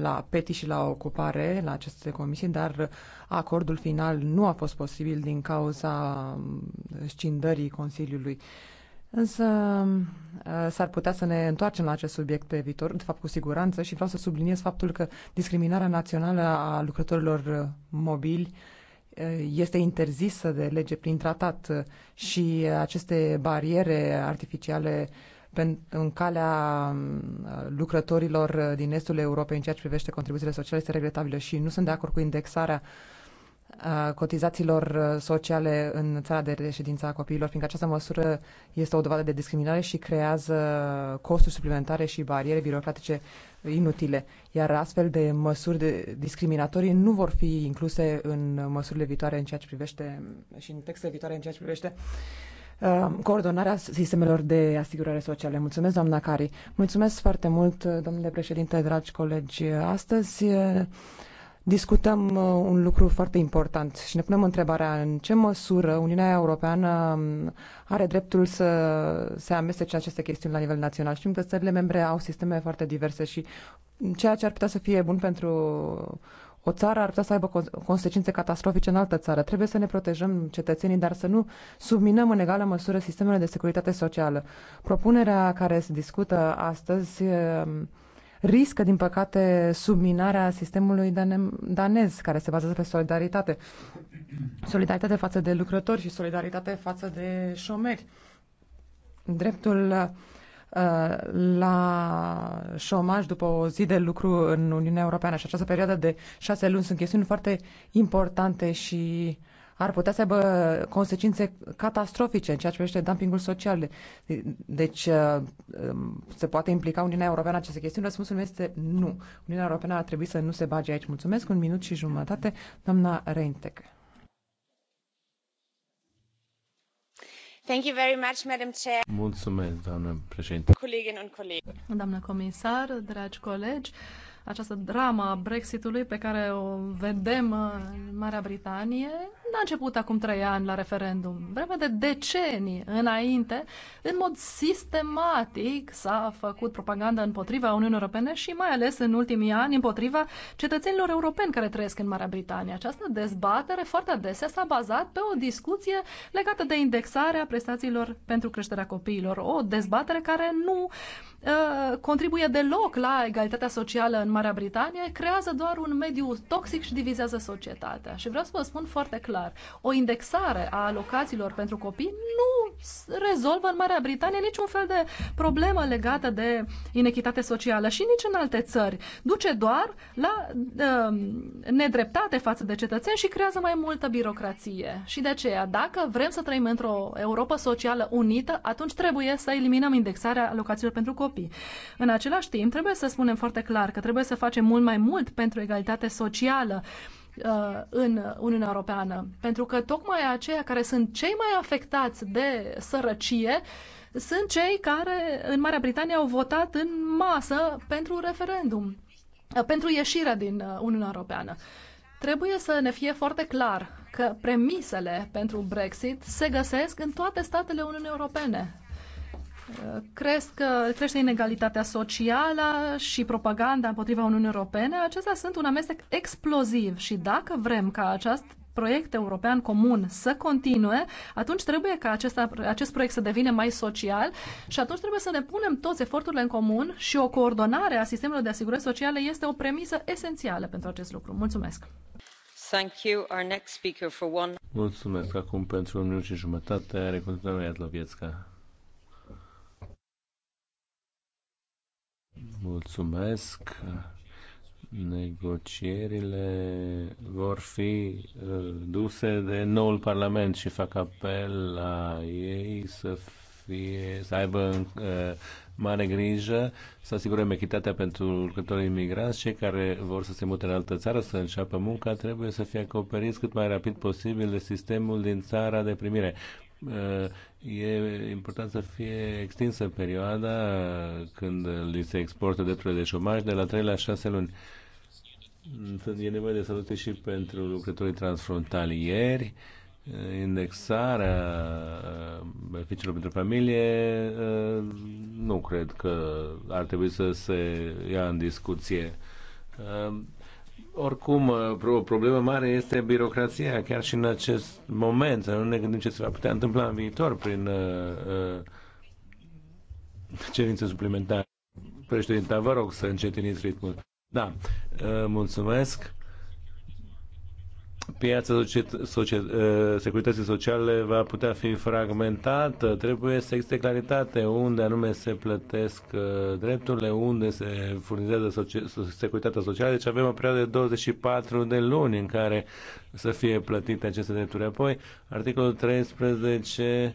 la PETI și la ocupare la aceste comisii, dar acordul final nu a fost posibil din cauza um, scindării Consiliului. Însă uh, s-ar putea să ne întoarcem la acest subiect pe viitor, de fapt cu siguranță, și vreau să subliniez faptul că discriminarea națională a lucrătorilor uh, mobili uh, este interzisă de lege prin tratat și aceste bariere artificiale în calea um, lucrătorilor din estul Europei în ceea ce privește contribuțiile sociale este regretabilă și nu sunt de acord cu indexarea uh, cotizațiilor uh, sociale în țara de reședință a copiilor, fiindcă această măsură este o dovadă de discriminare și creează costuri suplimentare și bariere birocratice inutile. Iar astfel de măsuri de discriminatorii nu vor fi incluse în măsurile viitoare în ceea ce privește și în textele viitoare în ceea ce privește uh, coordonarea sistemelor de asigurare sociale. Mulțumesc, doamna Cari. Mulțumesc foarte mult, domnule președinte, dragi colegi. Astăzi uh, discutăm uh, un lucru foarte important și ne punem întrebarea în ce măsură Uniunea Europeană um, are dreptul să se amestece aceste chestiuni la nivel național. Știm că țările membre au sisteme foarte diverse și ceea ce ar putea să fie bun pentru o țară ar putea să aibă consecințe catastrofice în altă țară. Trebuie să ne protejăm cetățenii, dar să nu subminăm în egală măsură sistemele de securitate socială. Propunerea care se discută astăzi um, riscă, din păcate, subminarea sistemului danez, care se bazează pe solidaritate. Solidaritate față de lucrători și solidaritate față de șomeri. Dreptul uh, la șomaj după o zi de lucru în Uniunea Europeană și această perioadă de șase luni sunt chestiuni foarte importante și uh, ar putea să aibă consecințe catastrofice în ceea ce privește dumpingul social. Deci uh, um, se poate implica Uniunea Europeană în aceste chestiuni? Răspunsul meu este nu. Uniunea Europeană ar trebui să nu se bage aici. Mulțumesc. Un minut și jumătate, doamna Reintec. Thank you very much, Madam Chair. Mulțumesc, doamnă președinte. Doamnă comisar, dragi colegi, această drama Brexitului pe care o vedem uh, în Marea Britanie n-a început acum trei ani la referendum. Vreme de decenii înainte, în mod sistematic s-a făcut propaganda împotriva Uniunii Europene și mai ales în ultimii ani împotriva cetățenilor europeni care trăiesc în Marea Britanie. Această dezbatere foarte adesea s-a bazat pe o discuție legată de indexarea prestațiilor pentru creșterea copiilor. O dezbatere care nu Uh, contribuie deloc la egalitatea socială în Marea Britanie, creează doar un mediu toxic și divizează societatea. Și vreau să vă spun foarte clar, o indexare a alocațiilor pentru copii nu rezolvă în Marea Britanie niciun fel de problemă legată de inechitate socială și nici în alte țări. Duce doar la uh, nedreptate față de cetățeni și creează mai multă birocrație. Și de aceea, dacă vrem să trăim într-o Europa socială unită, atunci trebuie să eliminăm indexarea alocațiilor pentru copii copii. În același timp, trebuie să spunem foarte clar că trebuie să facem mult mai mult pentru egalitate socială uh, în Uniunea Europeană. Pentru că tocmai aceia care sunt cei mai afectați de sărăcie sunt cei care în Marea Britanie au votat în masă pentru referendum, uh, pentru ieșirea din uh, Uniunea Europeană. Trebuie să ne fie foarte clar că premisele pentru Brexit se găsesc în toate statele Uniunii Europene cresc, crește inegalitatea socială și propaganda împotriva Uniunii Europene. Acestea sunt un amestec exploziv și dacă vrem ca acest proiect european comun să continue, atunci trebuie ca acesta, acest proiect să devină mai social și atunci trebuie să ne punem toți eforturile în comun și o coordonare a sistemelor de asigurări sociale este o premisă esențială pentru acest lucru. Mulțumesc! Thank you. Our next speaker for one... Mulțumesc. Acum pentru un minut și jumătate are continuare doamna Iadlovietska. Mulțumesc. Negocierile vor fi uh, duse de noul Parlament și fac apel la ei să fie, să aibă uh, mare grijă să asigurăm echitatea pentru lucrătorii imigranți. Cei care vor să se mute în altă țară, să înceapă munca, trebuie să fie acoperiți cât mai rapid posibil de sistemul din țara de primire e important să fie extinsă perioada când li se exportă drepturile de șomaj de la 3 la 6 luni. E nevoie de salute și pentru lucrătorii transfrontalieri, indexarea beneficiilor pentru familie nu cred că ar trebui să se ia în discuție. Oricum, uh, o problemă mare este birocrația, chiar și în acest moment, să nu ne gândim ce se va putea întâmpla în viitor prin uh, uh cerințe suplimentare. Președinte, vă rog să încetiniți ritmul. Da, uh, mulțumesc piața eh, securității sociale va putea fi fragmentată, trebuie să existe claritate unde anume se plătesc eh, drepturile, unde se furnizează securitatea socială. Deci avem o perioadă de 24 de luni în care să fie plătite aceste drepturi. Apoi, articolul 13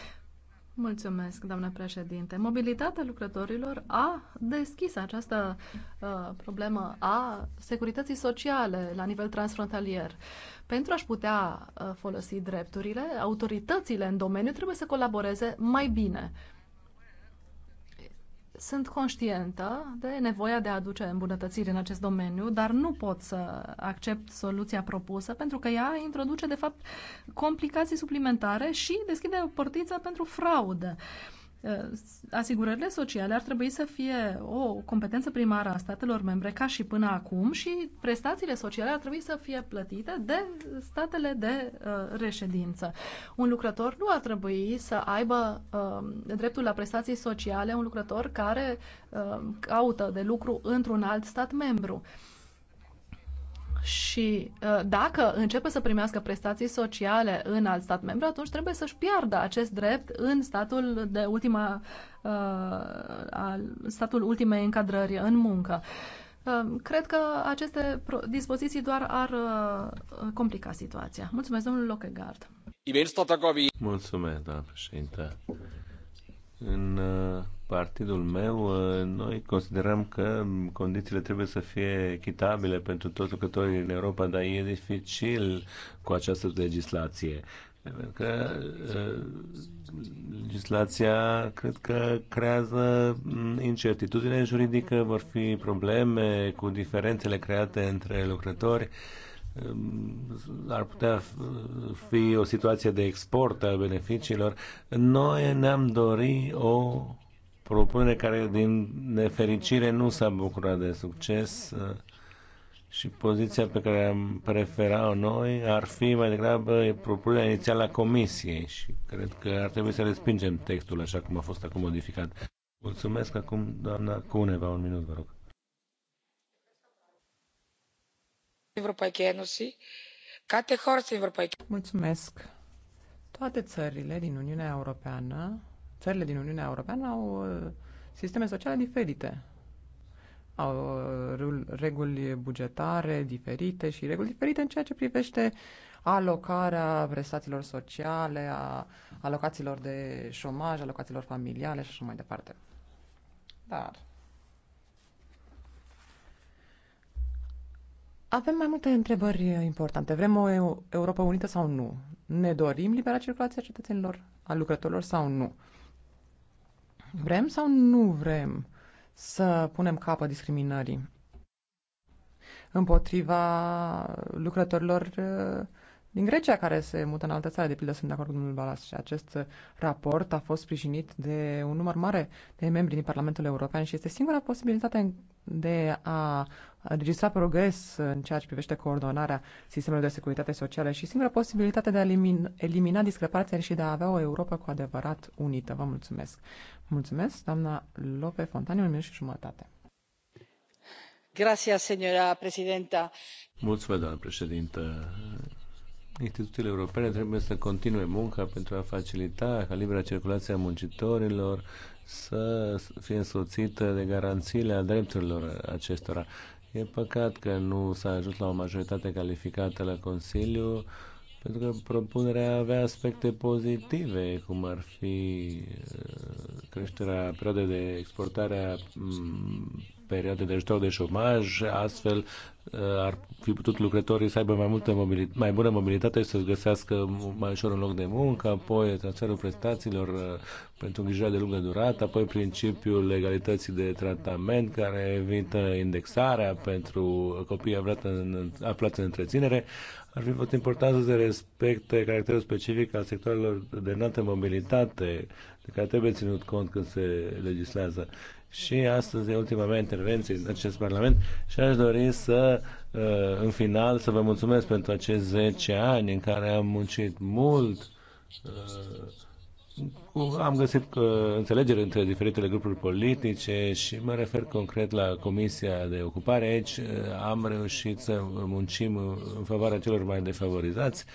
Mulțumesc, doamnă președinte. Mobilitatea lucrătorilor a deschis această uh, problemă a securității sociale la nivel transfrontalier. Pentru a-și putea uh, folosi drepturile, autoritățile în domeniu trebuie să colaboreze mai bine. Sunt conștientă de nevoia de a aduce îmbunătățiri în acest domeniu, dar nu pot să accept soluția propusă pentru că ea introduce, de fapt, complicații suplimentare și deschide o portiță pentru fraudă. Uh, Uh, asigurările sociale ar trebui să fie o competență primară a statelor membre ca și până acum și prestațiile sociale ar trebui să fie plătite de statele de uh, reședință. Un lucrător nu ar trebui să aibă uh, dreptul la prestații sociale un lucrător care caută de lucru într-un alt stat membru și uh, dacă începe să primească prestații sociale în alt stat membru, atunci trebuie să-și piardă acest drept în statul de ultima uh, statul ultimei încadrări în muncă. Uh, cred că aceste dispoziții doar ar complica situația. Mulțumesc, domnul Lockegaard. Mulțumesc, doamnă președinte. În uh, partidul meu, uh, noi considerăm că condițiile trebuie să fie echitabile pentru toți lucrătorii în Europa, dar e dificil cu această legislație. Pentru că uh, legislația cred că creează mm, incertitudine juridică, vor fi probleme cu diferențele create între lucrători. Ehm, ar putea fi o situație de export al beneficiilor. Noi ne-am dorit o propunere care, din nefericire, nu s-a bucurat de succes eh, și poziția pe care am preferat-o noi ar fi mai degrabă propunerea inițială a Comisiei și cred că ar trebui să respingem textul așa cum a fost acum modificat. Mulțumesc acum, doamna Cuneva, un minut, vă rog. Mulțumesc. Toate țările din Uniunea Europeană, țările din Uniunea Europeană au sisteme sociale diferite. Au reguli bugetare diferite și reguli diferite în ceea ce privește alocarea prestațiilor sociale, a alocațiilor de șomaj, alocațiilor familiale și așa mai departe. Dar Avem mai multe întrebări uh, importante. Vrem o Europa unită sau nu? Ne dorim libera circulație a cetățenilor, a lucrătorilor sau nu? Vrem sau nu vrem să punem capăt discriminării împotriva lucrătorilor uh, din Grecia care se mută în altă țară. De pildă, sunt de acord cu domnul Balas și acest raport a fost sprijinit de un număr mare de membri din Parlamentul European și este singura posibilitate de a registra progres în ceea ce privește coordonarea sistemelor de securitate socială și singura posibilitate de a elimina, elimina discrepanțe și de a avea o Europa cu adevărat unită. Vă mulțumesc. Mulțumesc, doamna Lope Fontani, un minut și jumătate. Gracias, señora presidenta. Mulțumesc, doamnă președintă. Instituțiile europene trebuie să continue munca pentru a facilita ca libera circulație a muncitorilor să fie însoțită de garanțiile a drepturilor acestora. E păcat că nu s-a ajuns la o majoritate calificată la Consiliu, pentru că propunerea avea aspecte pozitive, cum ar fi uh, creșterea perioadei de exportare a mm, perioade de ajutor de șomaj, astfel uh, ar fi putut lucrătorii să aibă mai, multă mobilitate, mai bună mobilitate și să-și găsească mai ușor un loc de muncă, apoi transferul prestațiilor uh, pentru îngrijirea de lungă durată, apoi principiul legalității de tratament care evită indexarea pentru copiii aflați în, aflați în întreținere. Ar fi fost important să se respecte caracterul specific al sectorilor de înaltă mobilitate, de care trebuie ținut cont când se legislează și astăzi e ultima mea intervenție în acest Parlament și aș dori să, uh, în final, să vă mulțumesc pentru acești 10 ani în care am muncit mult. Uh, am găsit uh, înțelegere între diferitele grupuri politice și mă refer concret la Comisia de Ocupare. Aici am reușit să muncim în favoarea celor mai defavorizați.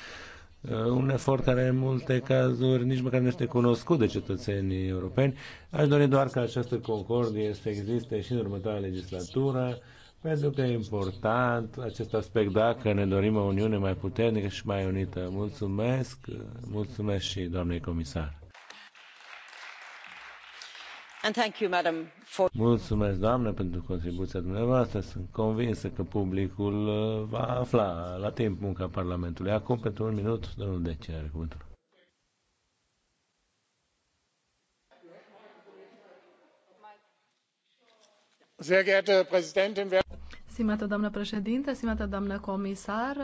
Uh, un efort care în multe cazuri nici măcar nu este cunoscut de cetățenii europeni. Aș dori doar ca această concordie să existe și în următoarea legislatură, pentru că e important acest aspect dacă ne dorim o Uniune mai puternică și mai unită. Mulțumesc, mulțumesc și doamnei comisar. Mulțumesc, doamnă, pentru contribuția dumneavoastră. Sunt convinsă că publicul uh, va afla la timp munca Parlamentului. Acum, pentru un minut, domnul Deci are cuvântul. Sehr geehrte Präsidentin, Simată doamnă președinte, simată doamnă comisar,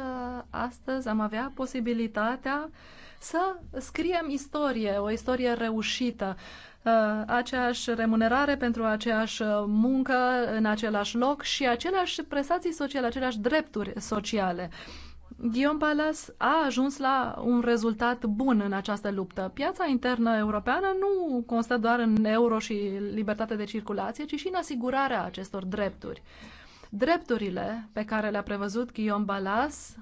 astăzi am avea posibilitatea să scriem istorie, o istorie reușită. Uh, aceeași remunerare pentru aceeași muncă în același loc și aceleași prestații sociale, aceleași drepturi sociale. Guillaume Palace a ajuns la un rezultat bun în această luptă. Piața internă europeană nu constă doar în euro și libertate de circulație, ci și în asigurarea acestor drepturi. Drepturile pe care le-a prevăzut Guillaume Balas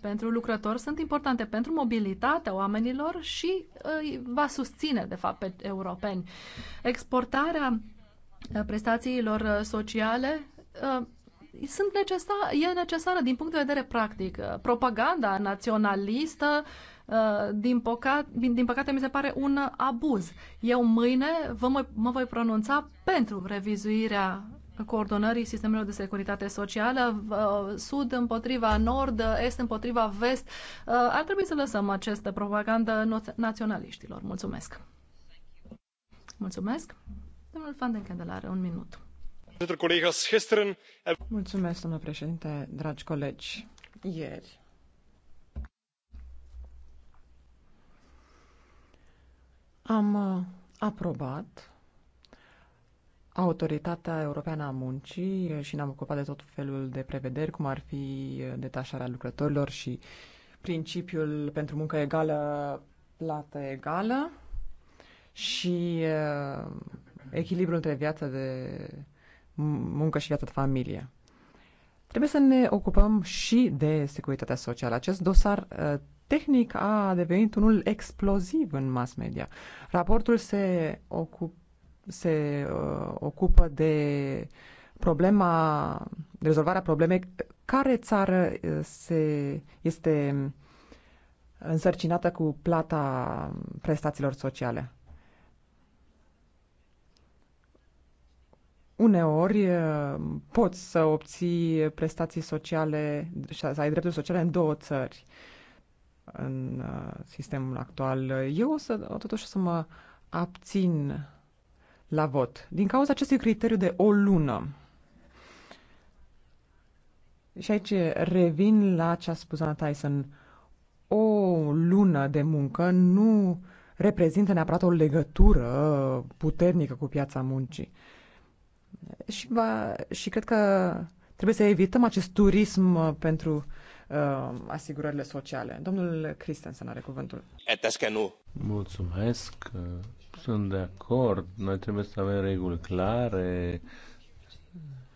pentru lucrători sunt importante pentru mobilitatea oamenilor și îi va susține, de fapt, pe europeni. Exportarea uh, prestațiilor uh, sociale uh, sunt necesar, e necesară din punct de vedere practic. Propaganda naționalistă, din, păcat, din păcate, mi se pare un abuz. Eu mâine vă, mă voi pronunța pentru revizuirea coordonării sistemelor de securitate socială, uh, sud împotriva nord, est împotriva vest. Uh, ar trebui să lăsăm această propagandă naționaliștilor. Mulțumesc! Mulțumesc! Domnul Van den Candelare, un minut. Mulțumesc, domnule președinte, dragi colegi. Ieri, am uh, aprobat Autoritatea Europeană a Muncii și ne-am ocupat de tot felul de prevederi, cum ar fi detașarea lucrătorilor și principiul pentru muncă egală, plată egală și echilibrul între viața de muncă și viața de familie. Trebuie să ne ocupăm și de securitatea socială. Acest dosar tehnic a devenit unul exploziv în mass media. Raportul se ocupă se uh, ocupă de problema, de rezolvarea problemei, care țară uh, se, este însărcinată cu plata prestațiilor sociale? Uneori uh, poți să obții prestații sociale și să ai drepturi sociale în două țări în uh, sistemul actual. Eu o să, totuși o să mă abțin la vot. Din cauza acestui criteriu de o lună, și aici revin la ce a spus Ana Tyson, o lună de muncă nu reprezintă neapărat o legătură puternică cu piața muncii. Și, va, și cred că trebuie să evităm acest turism pentru uh, asigurările sociale. Domnul Christensen are cuvântul. Mulțumesc sunt de acord. Noi trebuie să avem reguli clare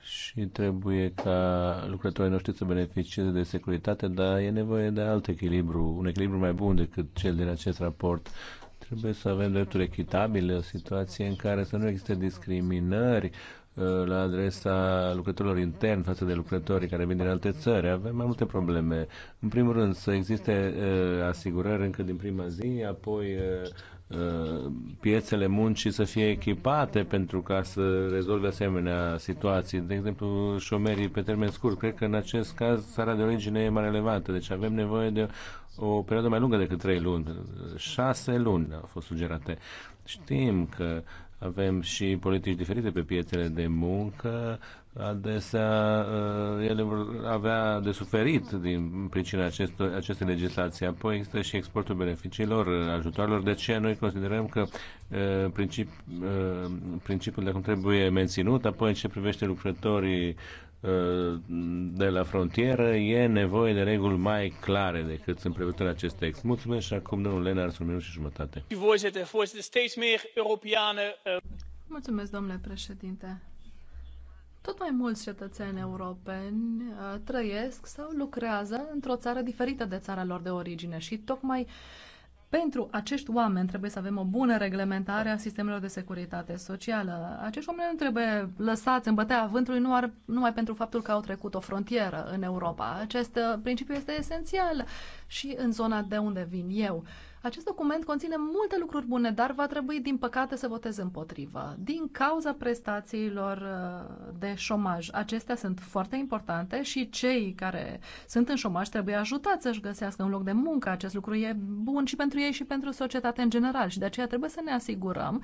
și trebuie ca lucrătorii noștri să beneficieze de securitate, dar e nevoie de alt echilibru, un echilibru mai bun decât cel din acest raport. Trebuie să avem drepturi echitabile, o situație în care să nu existe discriminări uh, la adresa lucrătorilor interni față de lucrătorii care vin din alte țări. Avem mai multe probleme. În primul rând, să existe uh, asigurări încă din prima zi, apoi uh, piețele muncii să fie echipate pentru ca să rezolve asemenea situații. De exemplu, șomerii pe termen scurt. Cred că în acest caz țara de origine e mai relevantă, deci avem nevoie de o perioadă mai lungă decât 3 luni. 6 luni au fost sugerate. Știm că avem și politici diferite pe piețele de muncă. Adesea uh, ele vor avea de suferit din pricina acestor, acestei legislații. Apoi există și exportul beneficiilor, ajutoarelor. De aceea noi considerăm că uh, princip, uh, principiul de acum trebuie menținut. Apoi în ce privește lucrătorii Uh, de la frontieră, e nevoie de reguli mai clare decât sunt prevăzute în acest text. Mulțumesc și acum domnul Lenar, sunt minut și jumătate. Mulțumesc, domnule președinte. Tot mai mulți cetățeni europeni uh, trăiesc sau lucrează într-o țară diferită de țara lor de origine și tocmai uh, pentru acești oameni trebuie să avem o bună reglementare a sistemelor de securitate socială. Acești oameni nu trebuie lăsați în bătea vântului nu ar, numai pentru faptul că au trecut o frontieră în Europa. Acest uh, principiu este esențial și în zona de unde vin eu. Uh, acest document conține multe lucruri bune, dar va trebui, din păcate, să votez împotrivă. Din cauza prestațiilor uh, de șomaj, acestea sunt foarte importante și cei care sunt în șomaj trebuie ajutați să-și găsească un loc de muncă. Acest lucru e bun și pentru ei și pentru societate în general și de aceea trebuie să ne asigurăm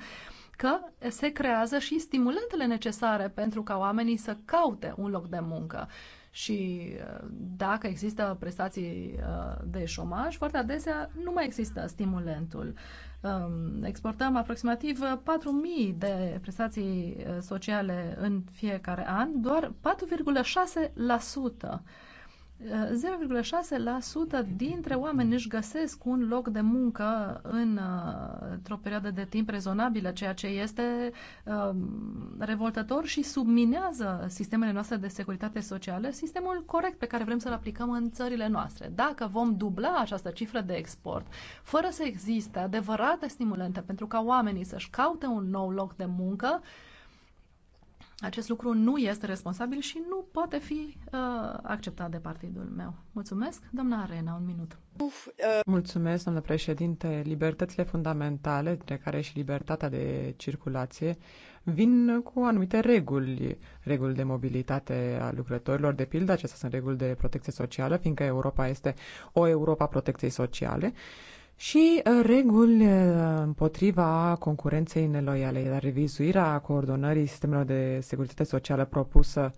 că se creează și stimulantele necesare pentru ca oamenii să caute un loc de muncă și uh, dacă există prestații uh, de șomaj, foarte adesea nu mai există stimulentul. Um, exportăm aproximativ 4.000 uh, de prestații sociale în fiecare an, doar 4,6% 0,6% dintre oameni își găsesc un loc de muncă în, uh, într-o perioadă de timp rezonabilă, ceea ce este um, revoltător și subminează sistemele noastre de securitate socială, sistemul corect pe care vrem să-l aplicăm în țările noastre. Dacă vom dubla această cifră de export, fără să existe adevărate stimulente pentru ca oamenii să-și caute un nou loc de muncă, uh, acest lucru nu este responsabil și nu poate fi uh, acceptat de partidul meu. Mulțumesc, doamna Arena, un minut. Uf, uh... Mulțumesc, doamnă președinte. Libertățile fundamentale, dintre care și libertatea de circulație, vin cu anumite reguli. Reguli de mobilitate a lucrătorilor, de pildă, acestea sunt reguli de protecție socială, fiindcă Europa este o Europa protecției sociale. Uh, și uh, reguli uh, împotriva concurenței neloiale, iar revizuirea coordonării sistemelor de securitate socială propusă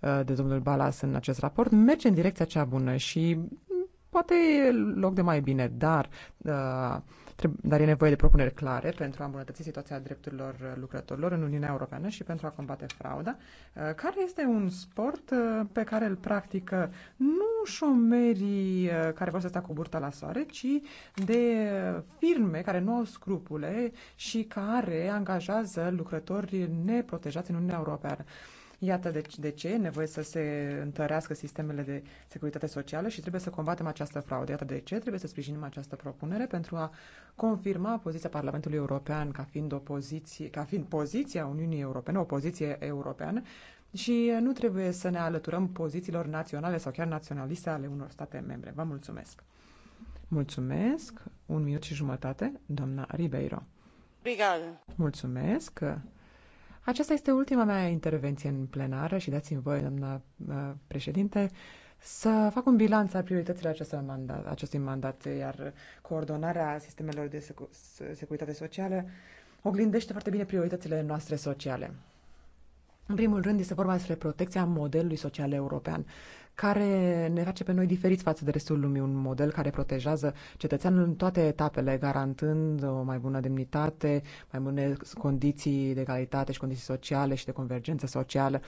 uh, de domnul Balas în acest raport merge în direcția cea bună și mm, poate e loc de mai bine, dar uh, dar e nevoie de propuneri clare pentru a îmbunătăți situația drepturilor lucrătorilor în Uniunea Europeană și pentru a combate frauda, uh, care este un sport uh, pe care îl practică nu șomerii uh, care vor să stea cu burta la soare, ci de firme care nu au scrupule și care angajează lucrători neprotejați în Uniunea Europeană. Iată de, de ce e nevoie să se întărească sistemele de securitate socială și trebuie să combatem această fraudă. Iată de ce trebuie să sprijinim această propunere pentru a confirma poziția Parlamentului European ca fiind, o poziție, ca fiind poziția Uniunii Europene, o poziție europeană și nu trebuie să ne alăturăm pozițiilor naționale sau chiar naționaliste ale unor state membre. Vă mulțumesc! Mulțumesc! Un minut și jumătate, doamna Ribeiro. Obrigada. Mulțumesc! Aceasta este ultima mea intervenție în plenară și dați-mi voie, doamna uh, președinte, să fac un bilanț al priorităților acestui mandat, acestui mandat iar coordonarea sistemelor de securitate socială oglindește foarte bine prioritățile noastre sociale. În primul rând este vorba despre protecția modelului social european care ne face pe noi diferiți față de restul lumii, un model care protejează cetățeanul în toate etapele, garantând o mai bună demnitate, mai bune condiții de calitate și condiții sociale și de convergență socială.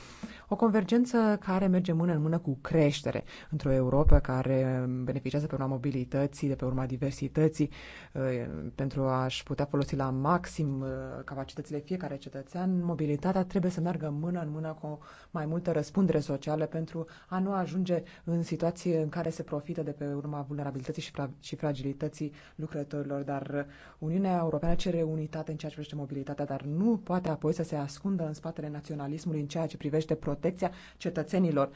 O convergență care merge mână în mână cu creștere într-o Europa care beneficiază pe urma mobilității, de pe urma diversității, eh, pentru a-și putea folosi la maxim eh, capacitățile fiecare cetățean, mobilitatea trebuie să meargă mână mână în mână cu mai multă răspundere socială pentru a nu ajunge în situații în care se profită de pe urma vulnerabilității și, fra- și fragilității lucrătorilor. Dar Uniunea Europeană cere unitate în ceea ce privește mobilitatea, dar nu poate apoi să se ascundă în spatele naționalismului în ceea ce privește protecția cetățenilor.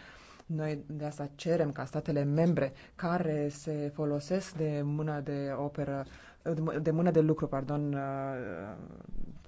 Noi de asta cerem ca statele membre care se folosesc de mână de operă uh, de mână de lucru, pardon, uh,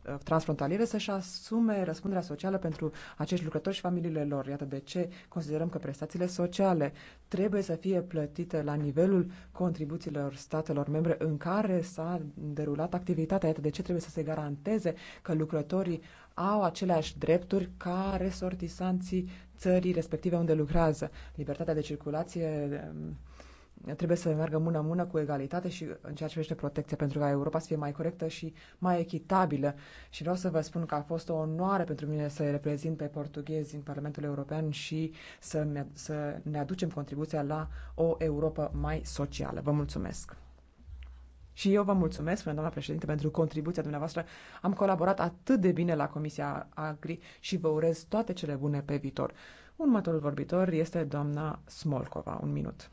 uh, transfrontaliere să-și asume răspunderea socială pentru acești lucrători și familiile lor. Iată de ce considerăm că prestațiile sociale trebuie să fie plătite la nivelul contribuțiilor statelor membre în care s-a derulat activitatea. Iată de ce trebuie să se garanteze că lucrătorii au aceleași drepturi ca resortisanții țării respective unde lucrează. Libertatea de circulație um, trebuie să meargă mână-mână cu egalitate și în ceea ce privește protecție, pentru ca Europa să fie mai corectă și mai echitabilă. Și vreau să vă spun că a fost o onoare pentru mine să reprezint pe portughezi în Parlamentul European și să, ne, să ne aducem contribuția la o Europa mai socială. Vă mulțumesc! Și eu vă mulțumesc, până doamna președinte, pentru contribuția dumneavoastră. Am colaborat atât de bine la Comisia Agri și vă urez toate cele bune pe viitor. Următorul vorbitor este doamna Smolkova. Un minut.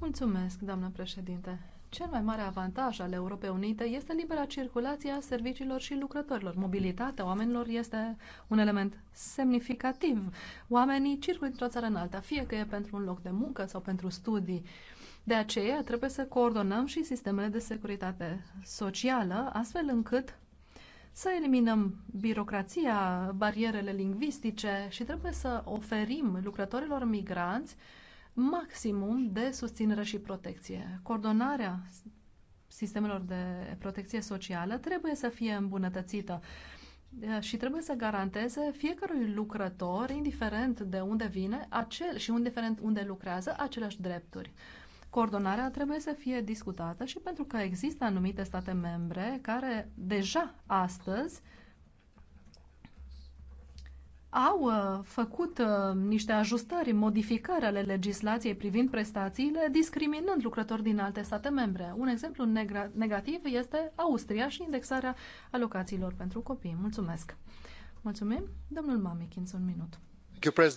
Mulțumesc, doamna președinte. Cel mai mare avantaj al Europei Unite este libera circulație a serviciilor și lucrătorilor. Mobilitatea oamenilor este un element semnificativ. Oamenii circulă într o țară în alta, fie că e pentru un loc de muncă sau pentru studii. De aceea trebuie să coordonăm și sistemele de securitate socială, astfel încât să eliminăm birocrația, barierele lingvistice și trebuie să oferim lucrătorilor migranți maximum de susținere și protecție. Coordonarea sistemelor de protecție socială trebuie să fie îmbunătățită și trebuie să garanteze fiecărui lucrător, indiferent de unde vine acel, și indiferent unde lucrează, aceleași drepturi coordonarea trebuie să fie discutată și pentru că există anumite state membre care deja astăzi au uh, făcut uh, niște ajustări, modificări ale legislației privind prestațiile, discriminând lucrători din alte state membre. Un exemplu negativ este Austria și indexarea alocațiilor pentru copii. Mulțumesc! Mulțumim! Domnul Mamichins, un minut. Mulțumesc,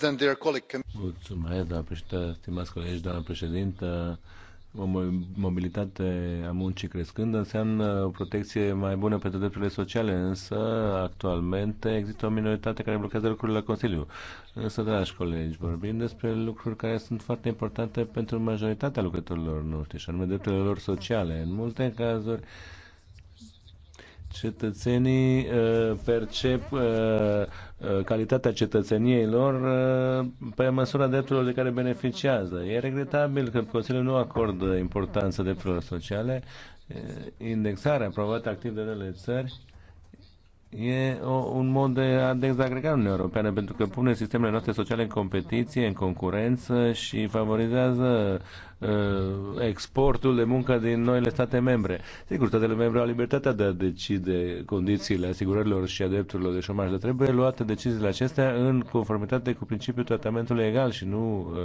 doamnă președintă, stimați colegi, doamnă președintă. O mobilitate a muncii crescând înseamnă o protecție mai bună pentru drepturile sociale, însă actualmente există o minoritate care blochează lucrurile la Consiliu. Însă, dragi colegi, vorbim despre lucruri care sunt foarte importante pentru majoritatea lucrătorilor noștri, și anume drepturile lor sociale. În multe cazuri, cetățenii uh, percep uh, uh, calitatea cetățeniei lor pe măsura drepturilor de care beneficiază. E regretabil că Consiliul nu acordă importanță drepturilor sociale. Indexarea aprobată activ de unele țări e o, un mod de a dezagrega Uniunea Europeană, pentru că pune sistemele noastre sociale în competiție, în concurență și favorizează uh, exportul de muncă din noile state membre. Sigur, statele membre au libertatea de a decide condițiile asigurărilor și a drepturilor de șomaj, dar trebuie luate deciziile acestea în conformitate cu principiul tratamentului egal și nu uh,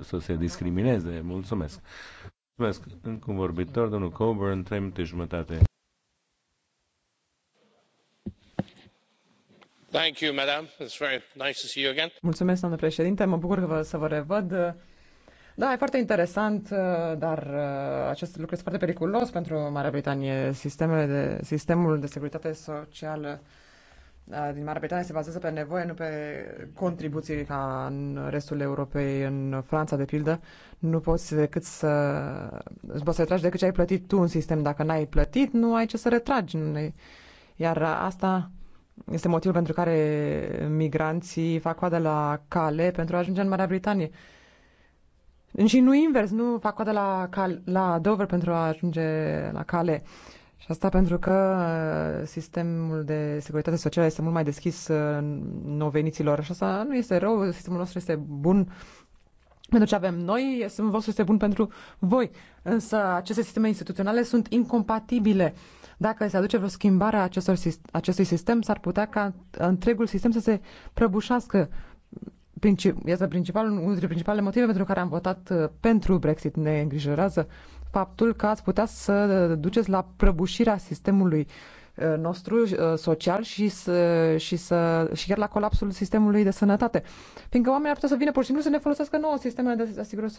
să se discrimineze. Mulțumesc! Mulțumesc! Încă un vorbitor, domnul Coburn, trei minute jumătate. Mulțumesc, președinte. Mă bucur să vă revăd. Da, e foarte interesant, uh, dar uh, acest lucru este foarte periculos pentru Marea Britanie. Sistemele de, sistemul de securitate socială uh, din Marea Britanie se bazează pe nevoie, nu pe contribuții ca în restul Europei, în Franța, de pildă. Nu poți decât să... îți poți să retragi decât ce ai plătit tu în sistem. Dacă n-ai plătit, nu ai ce să retragi. Iar asta este motivul pentru care migranții fac coadă la cale pentru a ajunge în Marea Britanie. Și nu invers, nu fac coadă la, cal, la Dover pentru a ajunge la cale. Și asta pentru că uh, sistemul de securitate socială este mult mai deschis uh, noveniților. Și asta nu este rău, sistemul nostru este bun pentru ce avem noi, sistemul vostru este bun pentru voi. Însă aceste sisteme instituționale sunt incompatibile. Uh, dacă se aduce vreo schimbare a acestor, acestui sistem, s-ar putea ca întregul sistem să se prăbușească. Princip, este principal, unul dintre principalele motive pentru care am votat uh, pentru Brexit. Ne îngrijorează faptul că ați putea să duceți la prăbușirea sistemului uh, nostru uh, social și, să, și, să, și chiar la colapsul sistemului de sănătate. Fiindcă oamenii ar putea să vină pur și simplu să ne folosească nouă sistemele de asigurări